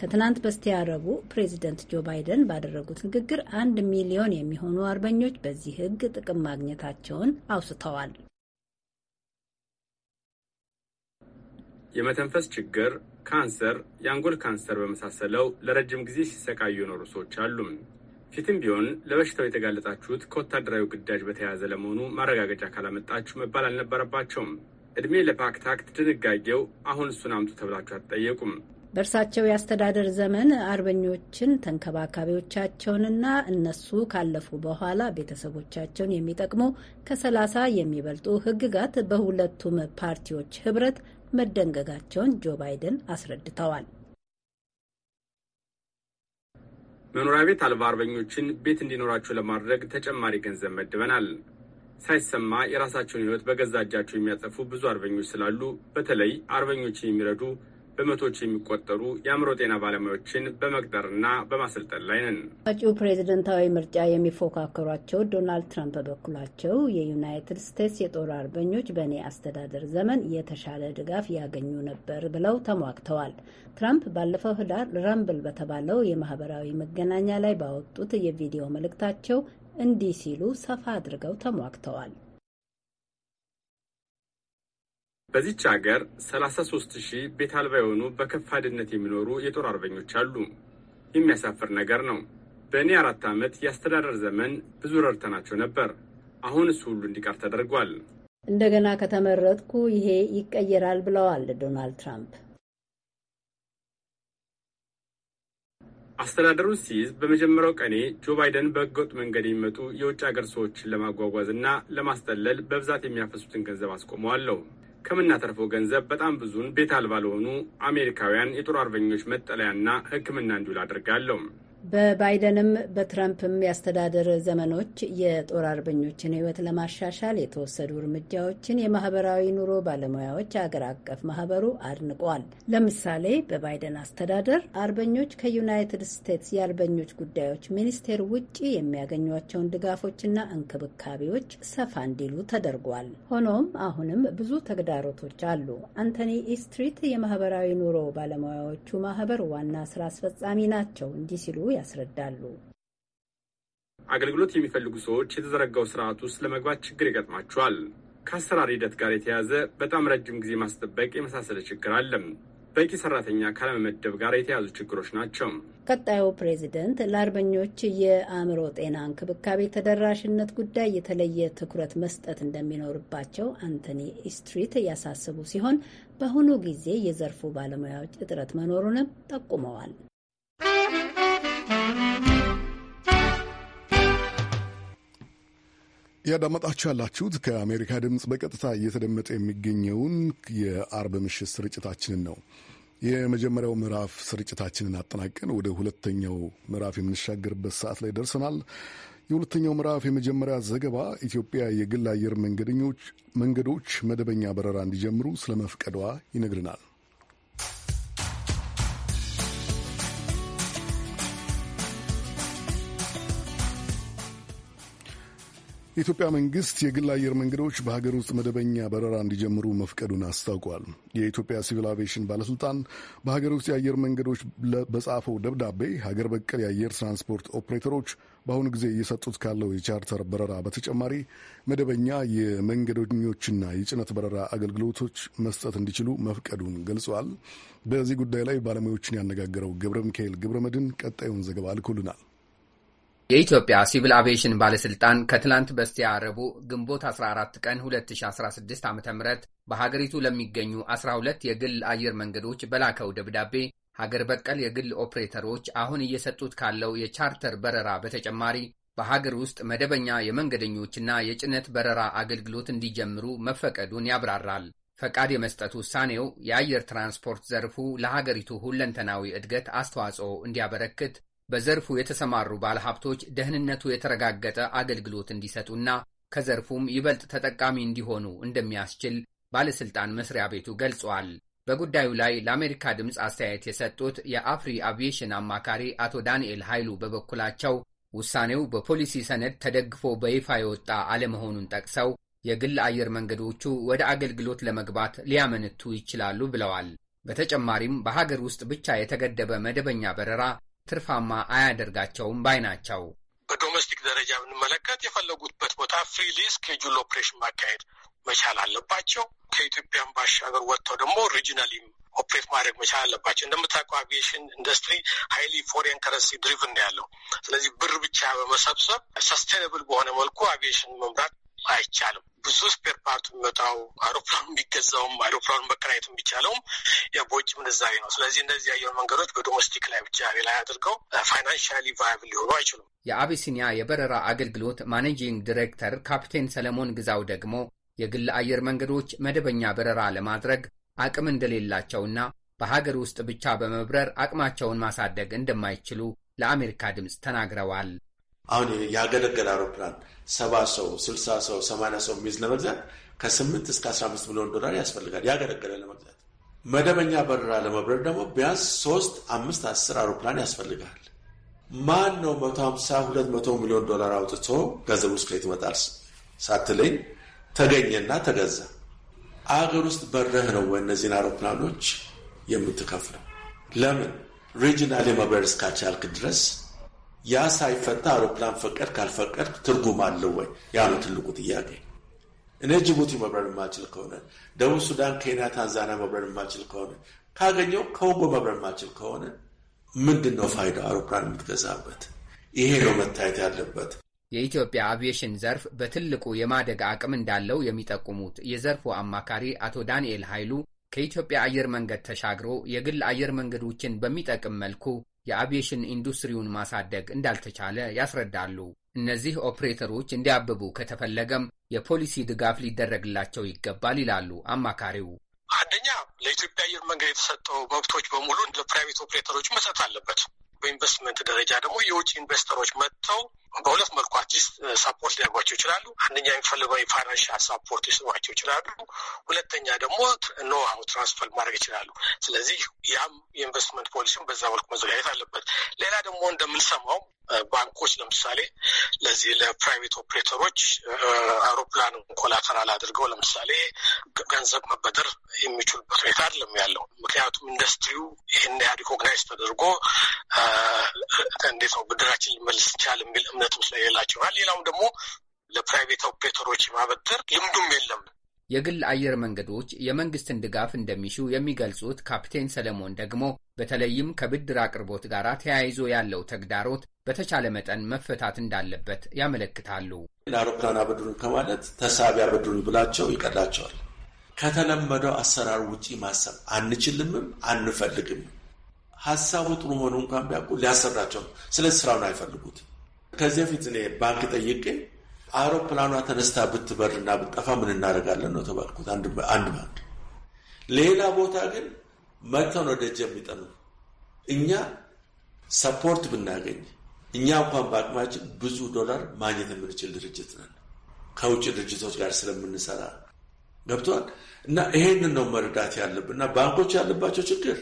ከትናንት በስቲያ ረቡዕ ፕሬዝደንት ጆ ባይደን ባደረጉት ንግግር አንድ ሚሊዮን የሚሆኑ አርበኞች በዚህ ሕግ ጥቅም ማግኘታቸውን አውስተዋል። የመተንፈስ ችግር፣ ካንሰር፣ የአንጎል ካንሰር በመሳሰለው ለረጅም ጊዜ ሲሰቃዩ የኖሩ ሰዎች አሉ። ፊትም ቢሆን ለበሽታው የተጋለጣችሁት ከወታደራዊ ግዳጅ በተያያዘ ለመሆኑ ማረጋገጫ ካላመጣችሁ መባል አልነበረባቸውም። እድሜ ለፓክታክት አክት ድንጋጌው አሁን እሱን አምጡ ተብላችሁ አትጠየቁም። በእርሳቸው የአስተዳደር ዘመን አርበኞችን፣ ተንከባካቢዎቻቸውንና እነሱ ካለፉ በኋላ ቤተሰቦቻቸውን የሚጠቅሙ ከሰላሳ የሚበልጡ ሕግጋት በሁለቱም ፓርቲዎች ህብረት መደንገጋቸውን ጆ ባይደን አስረድተዋል። መኖሪያ ቤት አልባ አርበኞችን ቤት እንዲኖራቸው ለማድረግ ተጨማሪ ገንዘብ መድበናል። ሳይሰማ የራሳቸውን ሕይወት በገዛ እጃቸው የሚያጠፉ ብዙ አርበኞች ስላሉ በተለይ አርበኞችን የሚረዱ በመቶዎች የሚቆጠሩ የአእምሮ ጤና ባለሙያዎችን በመቅጠርና በማሰልጠን ላይ ነን። አጩ ፕሬዝደንታዊ ምርጫ የሚፎካከሯቸው ዶናልድ ትራምፕ በበኩላቸው የዩናይትድ ስቴትስ የጦር አርበኞች በእኔ አስተዳደር ዘመን የተሻለ ድጋፍ ያገኙ ነበር ብለው ተሟግተዋል። ትራምፕ ባለፈው ህዳር ራምብል በተባለው የማህበራዊ መገናኛ ላይ ባወጡት የቪዲዮ መልእክታቸው እንዲህ ሲሉ ሰፋ አድርገው ተሟግተዋል። በዚች አገር 33 ሺህ ቤት አልባ የሆኑ በከፋ ድህነት የሚኖሩ የጦር አርበኞች አሉ። የሚያሳፍር ነገር ነው። በእኔ አራት ዓመት የአስተዳደር ዘመን ብዙ ረድተናቸው ነበር። አሁን እሱ ሁሉ እንዲቀር ተደርጓል። እንደገና ከተመረጥኩ ይሄ ይቀየራል ብለዋል ዶናልድ ትራምፕ። አስተዳደሩን ሲይዝ በመጀመሪያው ቀኔ ጆ ባይደን በህገወጥ መንገድ የሚመጡ የውጭ ሀገር ሰዎችን ለማጓጓዝ እና ለማስጠለል በብዛት የሚያፈሱትን ገንዘብ አስቆመዋለሁ። ከምናተርፈው ገንዘብ በጣም ብዙን ቤት አልባ ለሆኑ አሜሪካውያን የጦር አርበኞች መጠለያና ሕክምና እንዲውል አድርጋለሁ። በባይደንም በትራምፕም የአስተዳደር ዘመኖች የጦር አርበኞችን ሕይወት ለማሻሻል የተወሰዱ እርምጃዎችን የማህበራዊ ኑሮ ባለሙያዎች አገር አቀፍ ማህበሩ አድንቋል። ለምሳሌ በባይደን አስተዳደር አርበኞች ከዩናይትድ ስቴትስ የአርበኞች ጉዳዮች ሚኒስቴር ውጭ የሚያገኟቸውን ድጋፎችና እንክብካቤዎች ሰፋ እንዲሉ ተደርጓል። ሆኖም አሁንም ብዙ ተግዳሮቶች አሉ። አንቶኒ ኢስትሪት የማህበራዊ ኑሮ ባለሙያዎቹ ማህበር ዋና ስራ አስፈጻሚ ናቸው። እንዲህ ሲሉ ያስረዳሉ። አገልግሎት የሚፈልጉ ሰዎች የተዘረጋው ስርዓት ውስጥ ለመግባት ችግር ይገጥማቸዋል። ከአሰራር ሂደት ጋር የተያዘ በጣም ረጅም ጊዜ ማስጠበቅ የመሳሰለ ችግር አለም። በቂ ሰራተኛ ካለመመደብ ጋር የተያዙ ችግሮች ናቸው። ቀጣዩ ፕሬዚደንት ለአርበኞች የአእምሮ ጤና እንክብካቤ ተደራሽነት ጉዳይ የተለየ ትኩረት መስጠት እንደሚኖርባቸው አንቶኒ ኢስትሪት ያሳስቡ ሲሆን በአሁኑ ጊዜ የዘርፉ ባለሙያዎች እጥረት መኖሩንም ጠቁመዋል። እያዳመጣችሁ ያላችሁት ከአሜሪካ ድምፅ በቀጥታ እየተደመጠ የሚገኘውን የአርብ ምሽት ስርጭታችንን ነው። የመጀመሪያው ምዕራፍ ስርጭታችንን አጠናቀን ወደ ሁለተኛው ምዕራፍ የምንሻገርበት ሰዓት ላይ ደርሰናል። የሁለተኛው ምዕራፍ የመጀመሪያ ዘገባ ኢትዮጵያ የግል አየር መንገደኞች መንገዶች መደበኛ በረራ እንዲጀምሩ ስለ መፍቀዷ ይነግርናል። የኢትዮጵያ መንግስት የግል አየር መንገዶች በሀገር ውስጥ መደበኛ በረራ እንዲጀምሩ መፍቀዱን አስታውቋል። የኢትዮጵያ ሲቪል አቪዬሽን ባለስልጣን በሀገር ውስጥ የአየር መንገዶች በጻፈው ደብዳቤ ሀገር በቀል የአየር ትራንስፖርት ኦፕሬተሮች በአሁኑ ጊዜ እየሰጡት ካለው የቻርተር በረራ በተጨማሪ መደበኛ የመንገደኞችና የጭነት በረራ አገልግሎቶች መስጠት እንዲችሉ መፍቀዱን ገልጿል። በዚህ ጉዳይ ላይ ባለሙያዎችን ያነጋገረው ገብረ ሚካኤል ገብረ መድን ቀጣዩን ዘገባ አልኮልናል። የኢትዮጵያ ሲቪል አቪዬሽን ባለስልጣን ከትላንት በስቲያ ረቡዕ ግንቦት 14 ቀን 2016 ዓ ም በሀገሪቱ ለሚገኙ 12 የግል አየር መንገዶች በላከው ደብዳቤ ሀገር በቀል የግል ኦፕሬተሮች አሁን እየሰጡት ካለው የቻርተር በረራ በተጨማሪ በሀገር ውስጥ መደበኛ የመንገደኞችና የጭነት በረራ አገልግሎት እንዲጀምሩ መፈቀዱን ያብራራል። ፈቃድ የመስጠት ውሳኔው የአየር ትራንስፖርት ዘርፉ ለሀገሪቱ ሁለንተናዊ እድገት አስተዋጽኦ እንዲያበረክት በዘርፉ የተሰማሩ ባለሀብቶች ደህንነቱ የተረጋገጠ አገልግሎት እንዲሰጡና ከዘርፉም ይበልጥ ተጠቃሚ እንዲሆኑ እንደሚያስችል ባለሥልጣን መስሪያ ቤቱ ገልጿል። በጉዳዩ ላይ ለአሜሪካ ድምፅ አስተያየት የሰጡት የአፍሪ አቪዬሽን አማካሪ አቶ ዳንኤል ኃይሉ በበኩላቸው ውሳኔው በፖሊሲ ሰነድ ተደግፎ በይፋ የወጣ አለመሆኑን ጠቅሰው የግል አየር መንገዶቹ ወደ አገልግሎት ለመግባት ሊያመነቱ ይችላሉ ብለዋል። በተጨማሪም በሀገር ውስጥ ብቻ የተገደበ መደበኛ በረራ ትርፋማ አያደርጋቸውም ባይ ናቸው። በዶሜስቲክ ደረጃ ብንመለከት የፈለጉበት ቦታ ፍሪሊ ስኬጁል ኦፕሬሽን ማካሄድ መቻል አለባቸው። ከኢትዮጵያን ባሻገር ወጥተው ደግሞ ሪጂናሊ ኦፕሬት ማድረግ መቻል አለባቸው። እንደምታውቀው አቪዬሽን ኢንዱስትሪ ሀይሊ ፎሬን ከረንሲ ድሪቭን ያለው ስለዚህ ብር ብቻ በመሰብሰብ ሰስቴናብል በሆነ መልኩ አቪዬሽን መምራት አይቻልም። ብዙ ስፔር ፓርት የሚወጣው አውሮፕላኑ የሚገዛውም አውሮፕላኑ መከራየቱ የሚቻለውም በውጭ ምንዛሬ ነው። ስለዚህ እነዚህ አየር መንገዶች በዶሜስቲክ ላይ ብቻ ላይ አድርገው ፋይናንሻሊ ቫያብል ሊሆኑ አይችሉም። የአቢሲኒያ የበረራ አገልግሎት ማኔጂንግ ዲሬክተር ካፕቴን ሰለሞን ግዛው ደግሞ የግል አየር መንገዶች መደበኛ በረራ ለማድረግ አቅም እንደሌላቸውና በሀገር ውስጥ ብቻ በመብረር አቅማቸውን ማሳደግ እንደማይችሉ ለአሜሪካ ድምፅ ተናግረዋል። አሁን ያገለገለ አውሮፕላን ሰባ ሰው ስልሳ ሰው ሰማንያ ሰው የሚይዝ ለመግዛት ከስምንት እስከ አስራ አምስት ሚሊዮን ዶላር ያስፈልጋል። ያገለገለ ለመግዛት መደበኛ በረራ ለመብረር ደግሞ ቢያንስ ሶስት አምስት አስር አውሮፕላን ያስፈልጋል። ማን ነው መቶ ሀምሳ ሁለት መቶ ሚሊዮን ዶላር አውጥቶ ገንዘብ ውስጥ ከየት ይመጣል ሳትለኝ ተገኘና ተገዛ። አገር ውስጥ በረህ ነው ወይ እነዚህን አውሮፕላኖች የምትከፍለው? ለምን ሪጅናል የመብረር እስካቻልክ ድረስ ያ ሳይፈታ አውሮፕላን ፈቀድ ካልፈቀድ ትርጉም አለው ወይ? ያ ነው ትልቁ ጥያቄ። እኔ ጅቡቲ መብረር የማችል ከሆነ ደቡብ ሱዳን፣ ኬንያ፣ ታንዛኒያ መብረር የማችል ከሆነ ካገኘው ከወጎ መብረር የማችል ከሆነ ምንድን ነው ፋይዳ አውሮፕላን የምትገዛበት? ይሄ ነው መታየት ያለበት። የኢትዮጵያ አቪዬሽን ዘርፍ በትልቁ የማደግ አቅም እንዳለው የሚጠቁሙት የዘርፉ አማካሪ አቶ ዳንኤል ኃይሉ ከኢትዮጵያ አየር መንገድ ተሻግሮ የግል አየር መንገዶችን በሚጠቅም መልኩ የአቪዬሽን ኢንዱስትሪውን ማሳደግ እንዳልተቻለ ያስረዳሉ። እነዚህ ኦፕሬተሮች እንዲያብቡ ከተፈለገም የፖሊሲ ድጋፍ ሊደረግላቸው ይገባል ይላሉ አማካሪው። አንደኛ ለኢትዮጵያ አየር መንገድ የተሰጠው መብቶች በሙሉ ለፕራይቬት ኦፕሬተሮች መሰጥ አለበት። በኢንቨስትመንት ደረጃ ደግሞ የውጭ ኢንቨስተሮች መጥተው በሁለት መልኩ አርቲስት ሳፖርት ሊያጓቸው ይችላሉ። አንደኛ የሚፈልገው የፋይናንሻል ሳፖርት ሊሰሯቸው ይችላሉ። ሁለተኛ ደግሞ ኖሃው ትራንስፈር ማድረግ ይችላሉ። ስለዚህ ያም የኢንቨስትመንት ፖሊሲም በዛ መልኩ መዘጋጀት አለበት። ሌላ ደግሞ እንደምንሰማው ባንኮች ለምሳሌ ለዚህ ለፕራይቬት ኦፕሬተሮች አውሮፕላን ኮላተራል አድርገው ለምሳሌ ገንዘብ መበደር የሚችሉበት ሁኔታ አይደለም ያለው። ምክንያቱም ኢንዱስትሪው ይህን ሪኮግናይዝ ተደርጎ እንዴት ነው ብድራችን ሊመልስ ይቻል የሚል ተነሳሽነት ውስጥ የሌላቸውናል። ሌላውም ደግሞ ለፕራይቬት ኦፕሬተሮች ማበደር ልምዱም የለም። የግል አየር መንገዶች የመንግስትን ድጋፍ እንደሚሹ የሚገልጹት ካፕቴን ሰለሞን ደግሞ በተለይም ከብድር አቅርቦት ጋር ተያይዞ ያለው ተግዳሮት በተቻለ መጠን መፈታት እንዳለበት ያመለክታሉ። ለአውሮፕላን አበድሩን ከማለት ተሳቢ አበድሩን ብላቸው ይቀላቸዋል። ከተለመደው አሰራር ውጪ ማሰብ አንችልምም አንፈልግም። ሀሳቡ ጥሩ መሆኑ እንኳን ቢያውቁ ሊያሰራቸው ነው። ስለዚህ ስራውን አይፈልጉት ከዚህ በፊት እኔ ባንክ ጠይቄ አውሮፕላኗ ተነስታ ብትበርና ብትጠፋ ምን እናደርጋለን ነው ተባልኩት። አንድ ባንድ ሌላ ቦታ ግን መጥተው ወደ ደጀ የሚጠኑ። እኛ ሰፖርት ብናገኝ እኛ እንኳን በአቅማችን ብዙ ዶላር ማግኘት የምንችል ድርጅት ነን ከውጭ ድርጅቶች ጋር ስለምንሰራ ገብተዋል። እና ይሄንን ነው መረዳት ያለብን እና ባንኮች ያለባቸው ችግር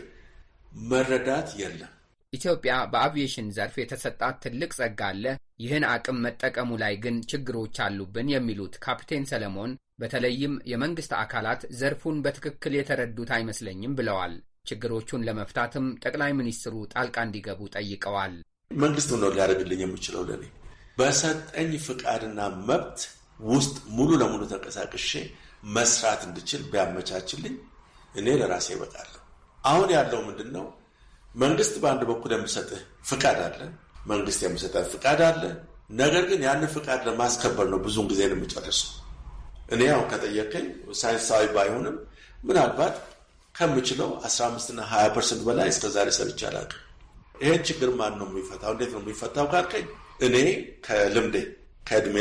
መረዳት የለም ኢትዮጵያ በአቪዬሽን ዘርፍ የተሰጣት ትልቅ ጸጋ አለ። ይህን አቅም መጠቀሙ ላይ ግን ችግሮች አሉብን የሚሉት ካፕቴን ሰለሞን በተለይም የመንግስት አካላት ዘርፉን በትክክል የተረዱት አይመስለኝም ብለዋል። ችግሮቹን ለመፍታትም ጠቅላይ ሚኒስትሩ ጣልቃ እንዲገቡ ጠይቀዋል። መንግስት ነው ሊያደርግልኝ የምችለው ለኔ በሰጠኝ ፍቃድና መብት ውስጥ ሙሉ ለሙሉ ተንቀሳቅሼ መስራት እንድችል ቢያመቻችልኝ እኔ ለራሴ ይበቃለሁ። አሁን ያለው ምንድን ነው? መንግስት በአንድ በኩል የሚሰጥህ ፍቃድ አለ፣ መንግስት የሚሰጠህ ፍቃድ አለ። ነገር ግን ያንን ፍቃድ ለማስከበር ነው ብዙውን ጊዜ ነው የምጨርሰው። እኔ አሁን ከጠየቀኝ ሳይንሳዊ ባይሆንም ምናልባት ከምችለው 15 እና 20 ፐርሰንት በላይ እስከዛሬ ሰርቼ አላውቅም። ይሄን ችግር ማን ነው የሚፈታው? እንዴት ነው የሚፈታው ካልከኝ እኔ ከልምዴ ከእድሜ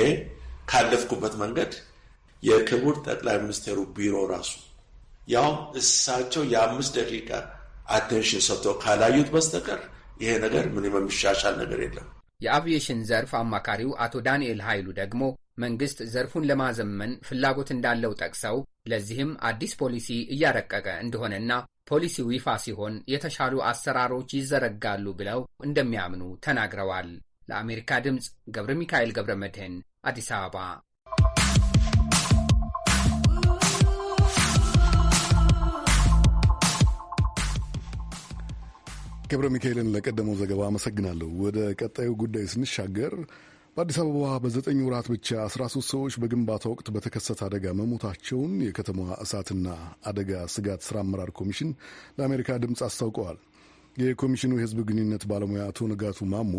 ካለፍኩበት መንገድ የክቡር ጠቅላይ ሚኒስቴሩ ቢሮ ራሱ ያውም እሳቸው የአምስት ደቂቃ አቴንሽን ሰጥተው ካላዩት በስተቀር ይሄ ነገር ምንም የሚሻሻል ነገር የለም። የአቪዬሽን ዘርፍ አማካሪው አቶ ዳንኤል ኃይሉ ደግሞ መንግስት ዘርፉን ለማዘመን ፍላጎት እንዳለው ጠቅሰው ለዚህም አዲስ ፖሊሲ እያረቀቀ እንደሆነና ፖሊሲው ይፋ ሲሆን የተሻሉ አሰራሮች ይዘረጋሉ ብለው እንደሚያምኑ ተናግረዋል። ለአሜሪካ ድምፅ ገብረ ሚካኤል ገብረ መድህን አዲስ አበባ ገብረ ሚካኤልን ለቀደመው ዘገባ አመሰግናለሁ። ወደ ቀጣዩ ጉዳይ ስንሻገር በአዲስ አበባ በዘጠኝ ወራት ብቻ 13 ሰዎች በግንባታ ወቅት በተከሰተ አደጋ መሞታቸውን የከተማዋ እሳትና አደጋ ስጋት ስራ አመራር ኮሚሽን ለአሜሪካ ድምፅ አስታውቀዋል። የኮሚሽኑ የሕዝብ ግንኙነት ባለሙያ አቶ ንጋቱ ማሞ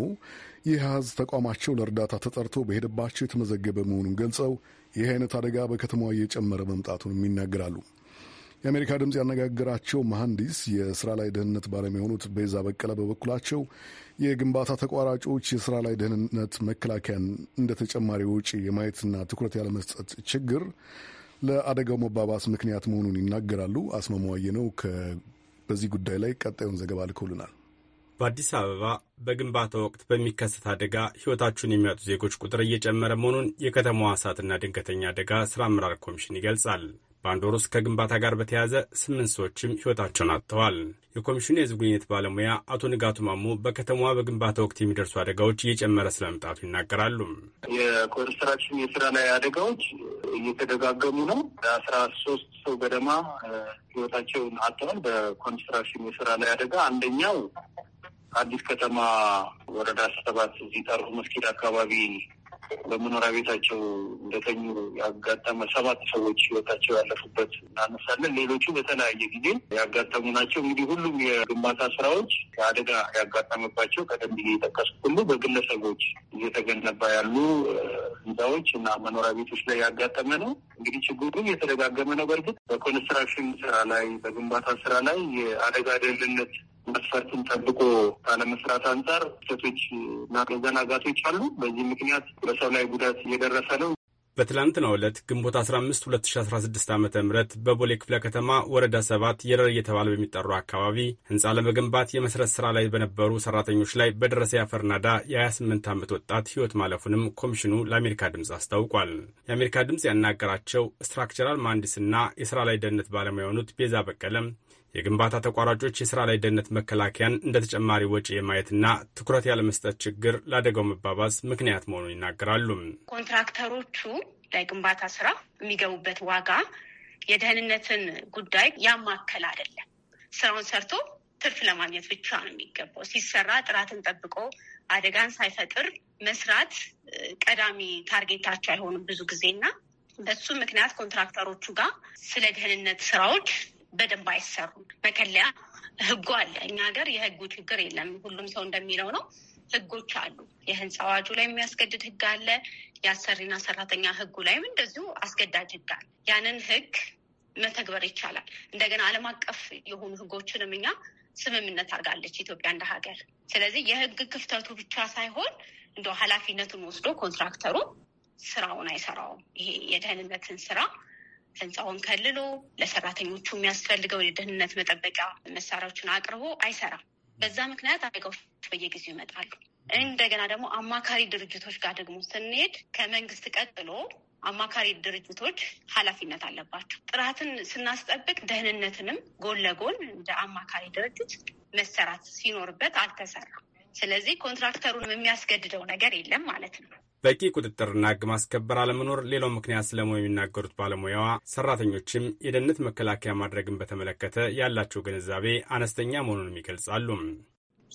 ይህ ተቋማቸው ለእርዳታ ተጠርቶ በሄደባቸው የተመዘገበ መሆኑን ገልጸው ይህ አይነት አደጋ በከተማዋ እየጨመረ መምጣቱንም ይናገራሉ። የአሜሪካ ድምፅ ያነጋገራቸው መሐንዲስ የስራ ላይ ደህንነት ባለሙያ የሆኑት ቤዛ በቀለ በበኩላቸው የግንባታ ተቋራጮች የስራ ላይ ደህንነት መከላከያን እንደ ተጨማሪ ውጪ የማየትና ትኩረት ያለመስጠት ችግር ለአደጋው መባባስ ምክንያት መሆኑን ይናገራሉ። አስማማዋየ ነው በዚህ ጉዳይ ላይ ቀጣዩን ዘገባ ልከውልናል። በአዲስ አበባ በግንባታ ወቅት በሚከሰት አደጋ ሕይወታቸውን የሚያጡ ዜጎች ቁጥር እየጨመረ መሆኑን የከተማዋ እሳትና ድንገተኛ አደጋ ስራ አመራር ኮሚሽን ይገልጻል። በአንድ ወር ውስጥ ከግንባታ ጋር በተያያዘ ስምንት ሰዎችም ሕይወታቸውን አጥተዋል። የኮሚሽኑ የሕዝብ ግንኙነት ባለሙያ አቶ ንጋቱ ማሞ በከተማዋ በግንባታ ወቅት የሚደርሱ አደጋዎች እየጨመረ ስለመምጣቱ ይናገራሉ። የኮንስትራክሽን የስራ ላይ አደጋዎች እየተደጋገሙ ነው። አስራ ሶስት ሰው ገደማ ሕይወታቸውን አጥተዋል በኮንስትራክሽን የስራ ላይ አደጋ አንደኛው አዲስ ከተማ ወረዳ ሰባት እዚህ ጠሩ መስጊድ አካባቢ በመኖሪያ ቤታቸው እንደተኙ ያጋጠመ ሰባት ሰዎች ህይወታቸው ያለፉበት እናነሳለን። ሌሎቹ በተለያየ ጊዜ ያጋጠሙ ናቸው። እንግዲህ ሁሉም የግንባታ ስራዎች ከአደጋ ያጋጠመባቸው ቀደም ብዬ የጠቀስኩት ሁሉ በግለሰቦች እየተገነባ ያሉ ህንፃዎች እና መኖሪያ ቤቶች ላይ ያጋጠመ ነው። እንግዲህ ችግሩ የተደጋገመ ነው። በእርግጥ በኮንስትራክሽን ስራ ላይ በግንባታ ስራ ላይ የአደጋ ደህንነት መስፈርትን ጠብቆ ካለመስራት አንጻር ክፍተቶች እና መዘናጋቶች አሉ። በዚህ ምክንያት በሰው ላይ ጉዳት እየደረሰ ነው። በትላንትናው ዕለት ግንቦት 15 2016 ዓ ም በቦሌ ክፍለ ከተማ ወረዳ ሰባት የረር እየተባለ በሚጠሩ አካባቢ ህንፃ ለመገንባት የመሰረት ስራ ላይ በነበሩ ሰራተኞች ላይ በደረሰ የአፈር ናዳ የ28 ዓመት ወጣት ህይወት ማለፉንም ኮሚሽኑ ለአሜሪካ ድምፅ አስታውቋል። የአሜሪካ ድምፅ ያናገራቸው ስትራክቸራል መሐንዲስና የስራ ላይ ደህንነት ባለሙያ የሆኑት ቤዛ በቀለም የግንባታ ተቋራጮች የሥራ ላይ ደህንነት መከላከያን እንደ ተጨማሪ ወጪ የማየትና ትኩረት ያለመስጠት ችግር ለአደጋው መባባስ ምክንያት መሆኑን ይናገራሉ። ኮንትራክተሮቹ ለግንባታ ስራ የሚገቡበት ዋጋ የደህንነትን ጉዳይ ያማከል አይደለም። ስራውን ሰርቶ ትርፍ ለማግኘት ብቻ ነው የሚገባው። ሲሰራ ጥራትን ጠብቆ አደጋን ሳይፈጥር መስራት ቀዳሚ ታርጌታቸው አይሆኑም ብዙ ጊዜና በሱ ምክንያት ኮንትራክተሮቹ ጋር ስለ ደህንነት ስራዎች በደንብ አይሰሩም። መከለያ ህጉ አለ። እኛ ሀገር የህጉ ችግር የለም። ሁሉም ሰው እንደሚለው ነው። ህጎች አሉ። የህንፃ አዋጁ ላይ የሚያስገድድ ህግ አለ። የአሰሪና ሰራተኛ ህጉ ላይም እንደዚሁ አስገዳጅ ህግ አለ። ያንን ህግ መተግበር ይቻላል። እንደገና ዓለም አቀፍ የሆኑ ህጎችንም እኛ ስምምነት አድርጋለች ኢትዮጵያ እንደ ሀገር። ስለዚህ የህግ ክፍተቱ ብቻ ሳይሆን እንደ ኃላፊነቱን ወስዶ ኮንትራክተሩ ስራውን አይሰራውም። ይሄ የደህንነትን ስራ ህንፃውን ከልሎ ለሰራተኞቹ የሚያስፈልገው የደህንነት መጠበቂያ መሳሪያዎችን አቅርቦ አይሰራም። በዛ ምክንያት አደጋዎች በየጊዜው ይመጣሉ። እንደገና ደግሞ አማካሪ ድርጅቶች ጋር ደግሞ ስንሄድ ከመንግስት ቀጥሎ አማካሪ ድርጅቶች ኃላፊነት አለባቸው። ጥራትን ስናስጠብቅ ደህንነትንም ጎን ለጎን እንደ አማካሪ ድርጅት መሰራት ሲኖርበት አልተሰራም። ስለዚህ ኮንትራክተሩን የሚያስገድደው ነገር የለም ማለት ነው። በቂ ቁጥጥርና ሕግ ማስከበር አለመኖር ሌላው ምክንያት ስለመሆኑ የሚናገሩት ባለሙያዋ ሰራተኞችም የደህንነት መከላከያ ማድረግን በተመለከተ ያላቸው ግንዛቤ አነስተኛ መሆኑንም ይገልጻሉ።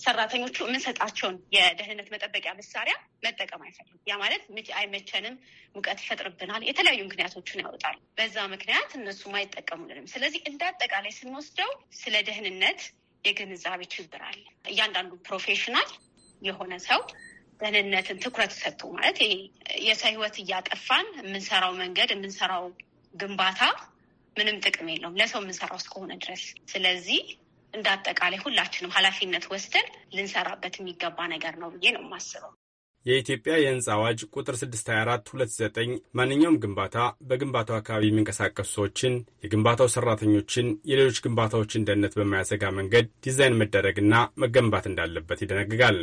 ሰራተኞቹ የምንሰጣቸውን የደህንነት መጠበቂያ መሳሪያ መጠቀም አይፈልም። ያ ማለት አይመቸንም፣ ሙቀት ይፈጥርብናል፣ የተለያዩ ምክንያቶችን ያወጣሉ። በዛ ምክንያት እነሱም አይጠቀሙልንም። ስለዚህ እንደ አጠቃላይ ስንወስደው ስለ ደህንነት የግንዛቤ ችግር አለ። እያንዳንዱ ፕሮፌሽናል የሆነ ሰው ደህንነትን ትኩረት ሰጥቶ ማለት ይሄ የሰው ህይወት እያጠፋን የምንሰራው መንገድ የምንሰራው ግንባታ ምንም ጥቅም የለውም ለሰው የምንሰራው እስከሆነ ድረስ። ስለዚህ እንደ አጠቃላይ ሁላችንም ኃላፊነት ወስደን ልንሰራበት የሚገባ ነገር ነው ብዬ ነው የማስበው። የኢትዮጵያ የህንፃ አዋጅ ቁጥር 624/29 ማንኛውም ግንባታ በግንባታው አካባቢ የሚንቀሳቀሱ ሰዎችን፣ የግንባታው ሰራተኞችን፣ የሌሎች ግንባታዎችን ደህንነት በማያሰጋ መንገድ ዲዛይን መደረግና መገንባት እንዳለበት ይደነግጋል።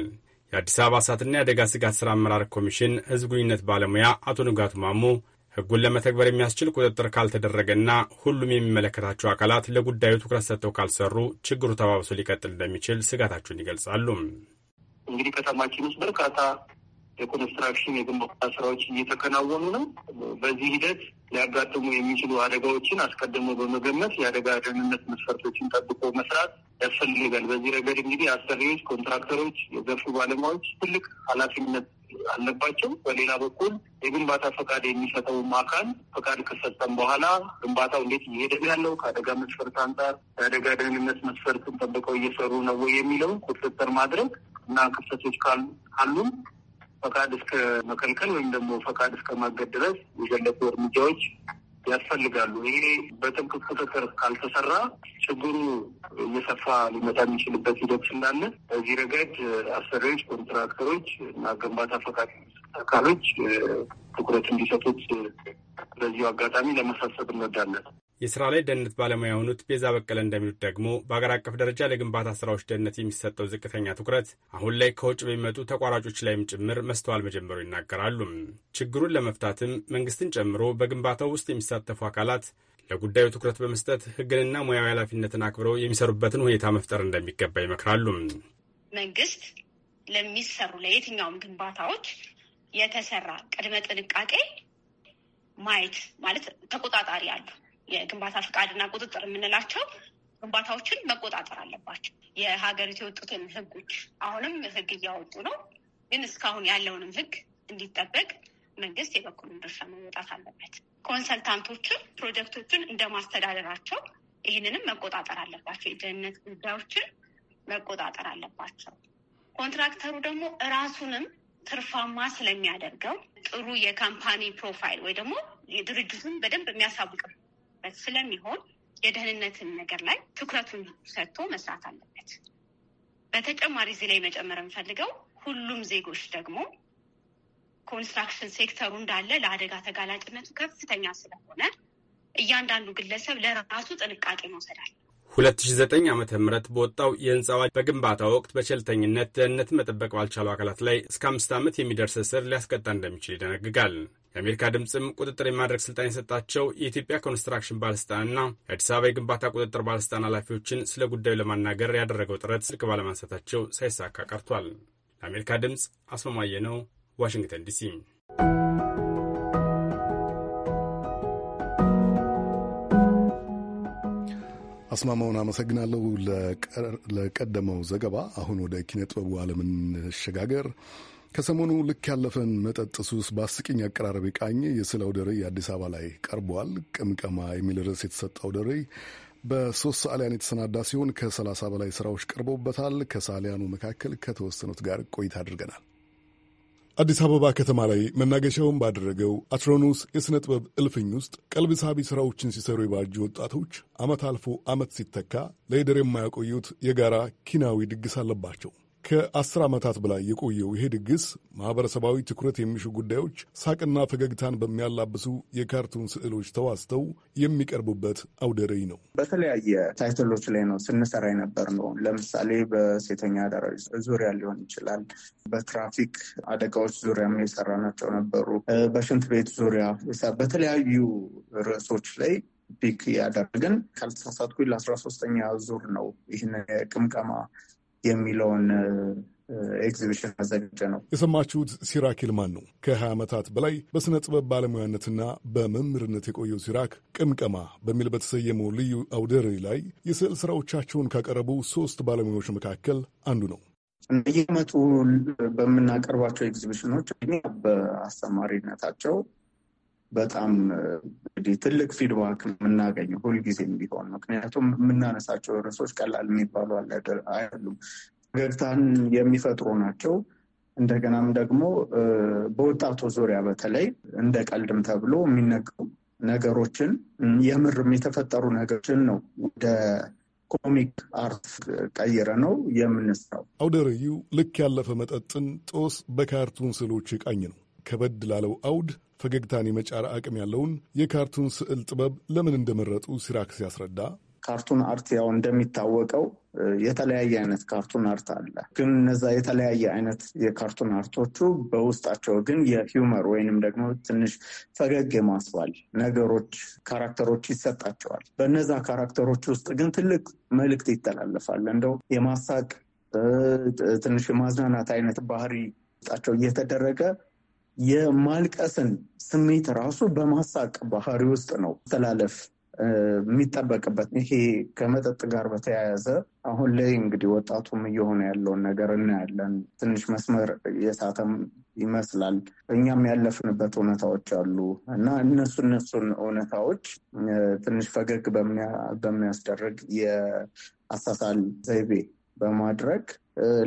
የአዲስ አበባ እሳትና የአደጋ ስጋት ሥራ አመራር ኮሚሽን ሕዝብ ግንኙነት ባለሙያ አቶ ንጋቱ ማሞ ሕጉን ለመተግበር የሚያስችል ቁጥጥር ካልተደረገና ሁሉም የሚመለከታቸው አካላት ለጉዳዩ ትኩረት ሰጥተው ካልሰሩ ችግሩ ተባብሶ ሊቀጥል እንደሚችል ስጋታቸውን ይገልጻሉ። እንግዲህ ከተማችን ውስጥ በርካታ የኮንስትራክሽን የግንባታ ስራዎች እየተከናወኑ ነው። በዚህ ሂደት ሊያጋጥሙ የሚችሉ አደጋዎችን አስቀድሞ በመገመት የአደጋ ደህንነት መስፈርቶችን ጠብቆ መስራት ያስፈልጋል። በዚህ ረገድ እንግዲህ አሰሪዎች፣ ኮንትራክተሮች፣ የዘርፉ ባለሙያዎች ትልቅ ኃላፊነት አለባቸው። በሌላ በኩል የግንባታ ፈቃድ የሚሰጠውም አካል ፈቃድ ከሰጠም በኋላ ግንባታው እንዴት እየሄደ ያለው ከአደጋ መስፈርት አንጻር የአደጋ ደህንነት መስፈርትን ጠብቀው እየሰሩ ነው ወይ ቁጥጥር ማድረግ እና ክፍተቶች ካሉም ፈቃድ እስከ መከልከል ወይም ደግሞ ፈቃድ እስከ ማገድ ድረስ የዘለቁ እርምጃዎች ያስፈልጋሉ። ይሄ በጥብቅ ቁጥጥር ካልተሰራ ችግሩ እየሰፋ ሊመጣ የሚችልበት ሂደት ስላለ በዚህ ረገድ አሰሪዎች፣ ኮንትራክተሮች እና ግንባታ ፈቃድ አካሎች ትኩረት እንዲሰጡት በዚሁ አጋጣሚ ለመሳሰብ እንወዳለን። የስራ ላይ ደህንነት ባለሙያ የሆኑት ቤዛ በቀለ እንደሚሉት ደግሞ በአገር አቀፍ ደረጃ ለግንባታ ስራዎች ደህንነት የሚሰጠው ዝቅተኛ ትኩረት አሁን ላይ ከውጭ በሚመጡ ተቋራጮች ላይም ጭምር መስተዋል መጀመሩ ይናገራሉ። ችግሩን ለመፍታትም መንግስትን ጨምሮ በግንባታው ውስጥ የሚሳተፉ አካላት ለጉዳዩ ትኩረት በመስጠት ህግንና ሙያዊ ኃላፊነትን አክብረው የሚሰሩበትን ሁኔታ መፍጠር እንደሚገባ ይመክራሉ። መንግስት ለሚሰሩ ለየትኛውም ግንባታዎች የተሰራ ቅድመ ጥንቃቄ ማየት ማለት ተቆጣጣሪ አሉ የግንባታ ፈቃድና ቁጥጥር የምንላቸው ግንባታዎችን መቆጣጠር አለባቸው። የሀገሪቱ የወጡትን ህጎች አሁንም ህግ እያወጡ ነው፣ ግን እስካሁን ያለውንም ህግ እንዲጠበቅ መንግስት የበኩሉን ድርሻ መወጣት አለበት። ኮንሰልታንቶችም ፕሮጀክቶችን እንደማስተዳደራቸው ይህንንም መቆጣጠር አለባቸው። የደህንነት ጉዳዮችን መቆጣጠር አለባቸው። ኮንትራክተሩ ደግሞ እራሱንም ትርፋማ ስለሚያደርገው ጥሩ የካምፓኒ ፕሮፋይል ወይ ደግሞ ድርጅቱን በደንብ የሚያሳውቅ የሚኖርበት ስለሚሆን የደህንነትን ነገር ላይ ትኩረቱን ሰጥቶ መስራት አለበት። በተጨማሪ እዚህ ላይ መጨመር የምፈልገው ሁሉም ዜጎች ደግሞ ኮንስትራክሽን ሴክተሩ እንዳለ ለአደጋ ተጋላጭነቱ ከፍተኛ ስለሆነ እያንዳንዱ ግለሰብ ለራሱ ጥንቃቄ መውሰድ አለ። 2009 ዓ ም በወጣው የህንፃ አዋጅ በግንባታ ወቅት በቸልተኝነት ደህንነትን መጠበቅ ባልቻሉ አካላት ላይ እስከ አምስት ዓመት የሚደርስ እስር ሊያስቀጣ እንደሚችል ይደነግጋል። የአሜሪካ ድምፅም ቁጥጥር የማድረግ ስልጣን የሰጣቸው የኢትዮጵያ ኮንስትራክሽን ባለስልጣንና የአዲስ አበባ የግንባታ ቁጥጥር ባለስልጣን ኃላፊዎችን ስለ ጉዳዩ ለማናገር ያደረገው ጥረት ስልክ ባለማንሳታቸው ሳይሳካ ቀርቷል። ለአሜሪካ ድምፅ አስማማየ ነው፣ ዋሽንግተን ዲሲ። አስማማውን አመሰግናለሁ ለቀደመው ዘገባ። አሁን ወደ ኪነ ጥበቡ ዓለም እንሸጋገር። ከሰሞኑ ልክ ያለፈን መጠጥ ሱስ በአስቂኝ አቀራረብ የቃኘ የስለ አውደ አዲስ አበባ ላይ ቀርቧል። ቅምቀማ የሚል ርዕስ የተሰጠ አውደ በሶስት ሰዓሊያን የተሰናዳ ሲሆን ከሰላሳ በላይ ስራዎች ቀርበውበታል። ከሰዓሊያኑ መካከል ከተወሰኑት ጋር ቆይታ አድርገናል። አዲስ አበባ ከተማ ላይ መናገሻውን ባደረገው አትሮኖስ የሥነ ጥበብ እልፍኝ ውስጥ ቀልብ ሳቢ ሥራዎችን ሲሰሩ የባጁ ወጣቶች ዓመት አልፎ ዓመት ሲተካ ለይደር የማያቆዩት የጋራ ኪናዊ ድግስ አለባቸው። ከአስር ዓመታት በላይ የቆየው ይሄ ድግስ ማኅበረሰባዊ ትኩረት የሚሹ ጉዳዮች ሳቅና ፈገግታን በሚያላብሱ የካርቱን ስዕሎች ተዋዝተው የሚቀርቡበት አውደ ርዕይ ነው። በተለያየ ታይትሎች ላይ ነው ስንሰራ የነበር ነው። ለምሳሌ በሴተኛ አዳሪዎች ዙሪያ ሊሆን ይችላል። በትራፊክ አደጋዎች ዙሪያ የሰራናቸው ነበሩ። በሽንት ቤት ዙሪያ በተለያዩ ርዕሶች ላይ ፒክ ያደረግን ካልተሳሳትኩ ለአስራ ሶስተኛ ዙር ነው ይህን የቅምቀማ የሚለውን ኤግዚቢሽን አዘጋጀ ነው። የሰማችሁት ሲራክ ይልማን ነው። ከ20 ዓመታት በላይ በሥነ ጥበብ ባለሙያነትና በመምህርነት የቆየው ሲራክ ቅምቀማ በሚል በተሰየመው ልዩ አውደ ርዕይ ላይ የስዕል ሥራዎቻቸውን ካቀረቡ ሦስት ባለሙያዎች መካከል አንዱ ነው። እየመጡ በምናቀርባቸው ኤግዚቢሽኖች በአስተማሪነታቸው በጣም እንግዲህ ትልቅ ፊድባክ የምናገኝ ሁልጊዜም ቢሆን ምክንያቱም የምናነሳቸው ርዕሶች ቀላል የሚባሉ አይደሉም። ፈገግታን የሚፈጥሩ ናቸው። እንደገናም ደግሞ በወጣቱ ዙሪያ በተለይ እንደ ቀልድም ተብሎ የሚነገሩ ነገሮችን የምርም የተፈጠሩ ነገሮችን ነው ወደ ኮሚክ አርት ቀይረ ነው የምንስራው። አውደ ርዕዩ ልክ ያለፈ መጠጥን ጦስ በካርቱን ስዕሎች ቃኝ ነው። ከበድ ላለው አውድ ፈገግታን የመጫር አቅም ያለውን የካርቱን ስዕል ጥበብ ለምን እንደመረጡ ሲራክስ ያስረዳ። ካርቱን አርት ያው እንደሚታወቀው የተለያየ አይነት ካርቱን አርት አለ። ግን እነዛ የተለያየ አይነት የካርቱን አርቶቹ በውስጣቸው ግን የሂውመር ወይንም ደግሞ ትንሽ ፈገግ የማስባል ነገሮች ካራክተሮች ይሰጣቸዋል። በነዛ ካራክተሮች ውስጥ ግን ትልቅ መልእክት ይተላለፋል። እንደው የማሳቅ ትንሽ የማዝናናት አይነት ባህሪ ውስጣቸው እየተደረገ የማልቀስን ስሜት ራሱ በማሳቅ ባህሪ ውስጥ ነው ተላለፍ የሚጠበቅበት። ይሄ ከመጠጥ ጋር በተያያዘ አሁን ላይ እንግዲህ ወጣቱም እየሆነ ያለውን ነገር እናያለን። ትንሽ መስመር የሳተም ይመስላል። እኛም ያለፍንበት እውነታዎች አሉ እና እነሱ እነሱን እውነታዎች ትንሽ ፈገግ በሚያስደርግ የአሳሳል ዘይቤ በማድረግ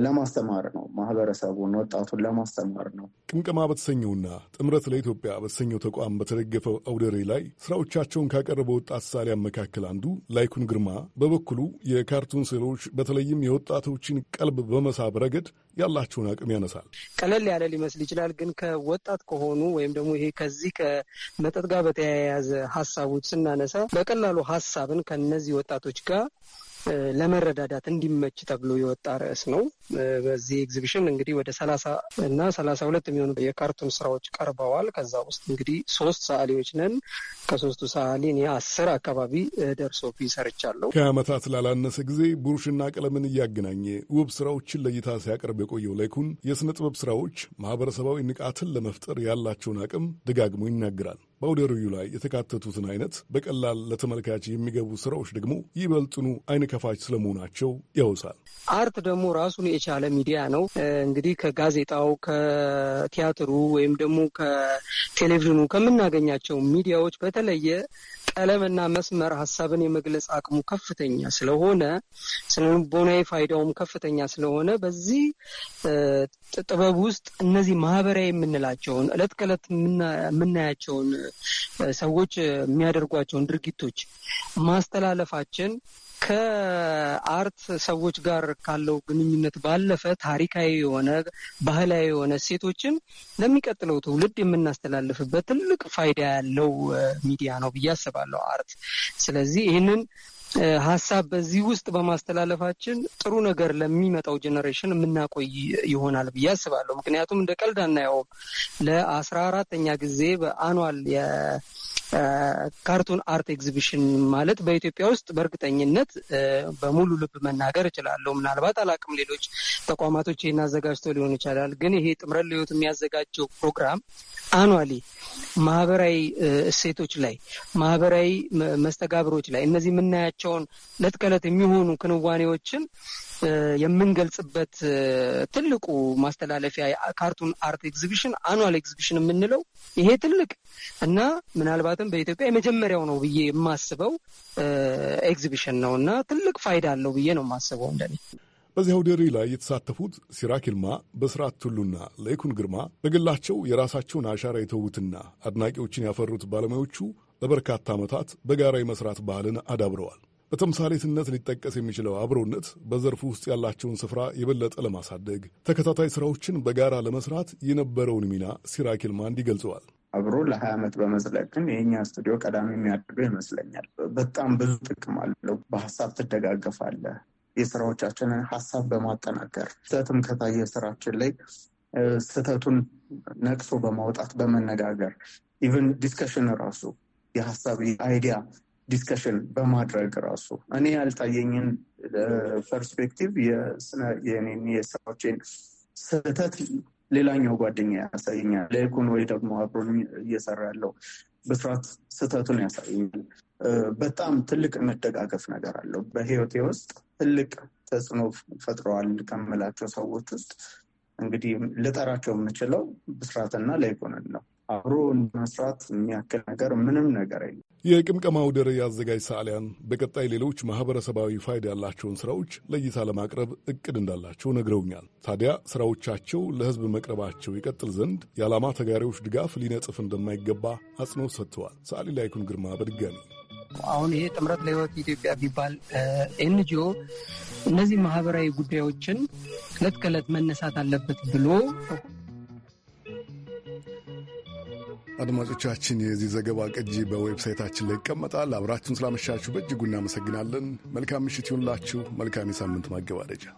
ለማስተማር ነው። ማህበረሰቡን ወጣቱን ለማስተማር ነው። ቅምቀማ በተሰኘውና ጥምረት ለኢትዮጵያ በተሰኘው ተቋም በተደገፈው አውደሬ ላይ ስራዎቻቸውን ካቀረበ ወጣት ሳሊያን መካከል አንዱ ላይኩን ግርማ በበኩሉ የካርቱን ስዕሎች በተለይም የወጣቶችን ቀልብ በመሳብ ረገድ ያላቸውን አቅም ያነሳል። ቀለል ያለ ሊመስል ይችላል፣ ግን ከወጣት ከሆኑ ወይም ደግሞ ይሄ ከዚህ ከመጠጥ ጋር በተያያዘ ሀሳቦች ስናነሳ በቀላሉ ሀሳብን ከነዚህ ወጣቶች ጋር ለመረዳዳት እንዲመች ተብሎ የወጣ ርዕስ ነው። በዚህ ኤግዚቢሽን እንግዲህ ወደ ሰላሳ እና ሰላሳ ሁለት የሚሆኑ የካርቱን ስራዎች ቀርበዋል። ከዛ ውስጥ እንግዲህ ሶስት ሰዓሊዎች ነን። ከሶስቱ ሰዓሊ እኔ አስር አካባቢ ደርሶ ሰርቻለሁ። ከአመታት ላላነሰ ጊዜ ብሩሽና ቀለምን እያገናኘ ውብ ስራዎችን ለእይታ ሲያቀርብ የቆየው ላይኩን የስነ ጥበብ ስራዎች ማህበረሰባዊ ንቃትን ለመፍጠር ያላቸውን አቅም ደጋግሞ ይናገራል። በአውደ ርዕዩ ላይ የተካተቱትን አይነት በቀላል ለተመልካች የሚገቡ ስራዎች ደግሞ ይበልጥኑ አይን ከፋች ስለመሆናቸው ያውሳል። አርት ደግሞ ራሱን የቻለ ሚዲያ ነው። እንግዲህ ከጋዜጣው፣ ከቲያትሩ ወይም ደግሞ ከቴሌቪዥኑ ከምናገኛቸው ሚዲያዎች በተለየ ቀለምና መስመር ሀሳብን የመግለጽ አቅሙ ከፍተኛ ስለሆነ ስነ ፋይዳውም ከፍተኛ ስለሆነ በዚህ ጥበብ ውስጥ እነዚህ ማህበራዊ የምንላቸውን እለት ከእለት የምናያቸውን ሰዎች የሚያደርጓቸውን ድርጊቶች ማስተላለፋችን ከአርት ሰዎች ጋር ካለው ግንኙነት ባለፈ ታሪካዊ የሆነ ባህላዊ የሆነ እሴቶችን ለሚቀጥለው ትውልድ የምናስተላልፍበት ትልቅ ፋይዳ ያለው ሚዲያ ነው ብዬ አስባለሁ አርት። ስለዚህ ይህንን ሀሳብ በዚህ ውስጥ በማስተላለፋችን ጥሩ ነገር ለሚመጣው ጀኔሬሽን የምናቆይ ይሆናል ብዬ አስባለሁ። ምክንያቱም እንደ ቀልድ አናየውም። ለአስራ አራተኛ ጊዜ በአኗል ካርቱን አርት ኤግዚቢሽን ማለት በኢትዮጵያ ውስጥ በእርግጠኝነት በሙሉ ልብ መናገር እችላለሁ። ምናልባት አላቅም፣ ሌሎች ተቋማቶች ይህን አዘጋጅተው ሊሆን ይችላል። ግን ይሄ ጥምረት ለሕይወት የሚያዘጋጀው ፕሮግራም አኗሊ ማህበራዊ እሴቶች ላይ ማህበራዊ መስተጋብሮች ላይ እነዚህ የምናያቸውን ዕለት ከዕለት የሚሆኑ ክንዋኔዎችን የምንገልጽበት ትልቁ ማስተላለፊያ የካርቱን አርት ኤግዚቢሽን አኗል ኤግዚቢሽን የምንለው ይሄ ትልቅ እና ምናልባትም በኢትዮጵያ የመጀመሪያው ነው ብዬ የማስበው ኤግዚቢሽን ነው እና ትልቅ ፋይዳ አለው ብዬ ነው የማስበው እንደኔ። በዚያው ደሪ ላይ የተሳተፉት ሲራክ ይልማ፣ በስርዓት ቱሉና ለይኩን ግርማ በግላቸው የራሳቸውን አሻራ የተዉትና አድናቂዎችን ያፈሩት ባለሙያዎቹ ለበርካታ ዓመታት በጋራ የመስራት ባህልን አዳብረዋል። በተምሳሌትነት ሊጠቀስ የሚችለው አብሮነት በዘርፉ ውስጥ ያላቸውን ስፍራ የበለጠ ለማሳደግ ተከታታይ ስራዎችን በጋራ ለመስራት የነበረውን ሚና ሲራኪል ማንድ ይገልጸዋል። አብሮ ለሀያ ዓመት በመዝለቅ ግን የእኛ ስቱዲዮ ቀዳሚ የሚያደርገው ይመስለኛል። በጣም ብዙ ጥቅም አለው። በሀሳብ ትደጋገፋለህ። የስራዎቻችንን ሀሳብ በማጠናከር ስህተትም ከታየ ስራችን ላይ ስህተቱን ነቅሶ በማውጣት በመነጋገር ኢቨን ዲስከሽን ራሱ የሀሳብ አይዲያ ዲስከሽን በማድረግ ራሱ እኔ ያልታየኝን ፐርስፔክቲቭ የኔን የስራዎቼን ስህተት ሌላኛው ጓደኛ ያሳየኛል። ለይኩን ወይ ደግሞ አብሮን እየሰራ ያለው በስርዓት ስህተቱን ያሳየኛል። በጣም ትልቅ መደጋገፍ ነገር አለው። በህይወቴ ውስጥ ትልቅ ተጽዕኖ ፈጥረዋል ከምላቸው ሰዎች ውስጥ እንግዲህ ልጠራቸው የምችለው ብስራትና ለይኩንን ነው። አብሮ መስራት የሚያክል ነገር ምንም ነገር የለም። የቅምቀማ ወደር የአዘጋጅ ሰዓሊያን በቀጣይ ሌሎች ማህበረሰባዊ ፋይዳ ያላቸውን ስራዎች ለእይታ ለማቅረብ እቅድ እንዳላቸው ነግረውኛል። ታዲያ ስራዎቻቸው ለሕዝብ መቅረባቸው ይቀጥል ዘንድ የዓላማ ተጋሪዎች ድጋፍ ሊነጽፍ እንደማይገባ አጽንኦት ሰጥተዋል። ሰዓሊ ላይኩን ግርማ በድጋሚ አሁን ይሄ ጥምረት ለህይወት ኢትዮጵያ ቢባል ኤንጂኦ እነዚህ ማህበራዊ ጉዳዮችን ዕለት ከዕለት መነሳት አለበት ብሎ አድማጮቻችን፣ የዚህ ዘገባ ቅጂ በዌብሳይታችን ላይ ይቀመጣል። አብራችሁን ስላመሻችሁ በእጅጉ እናመሰግናለን። መልካም ምሽት ይሁንላችሁ። መልካም የሳምንት ማገባደጃ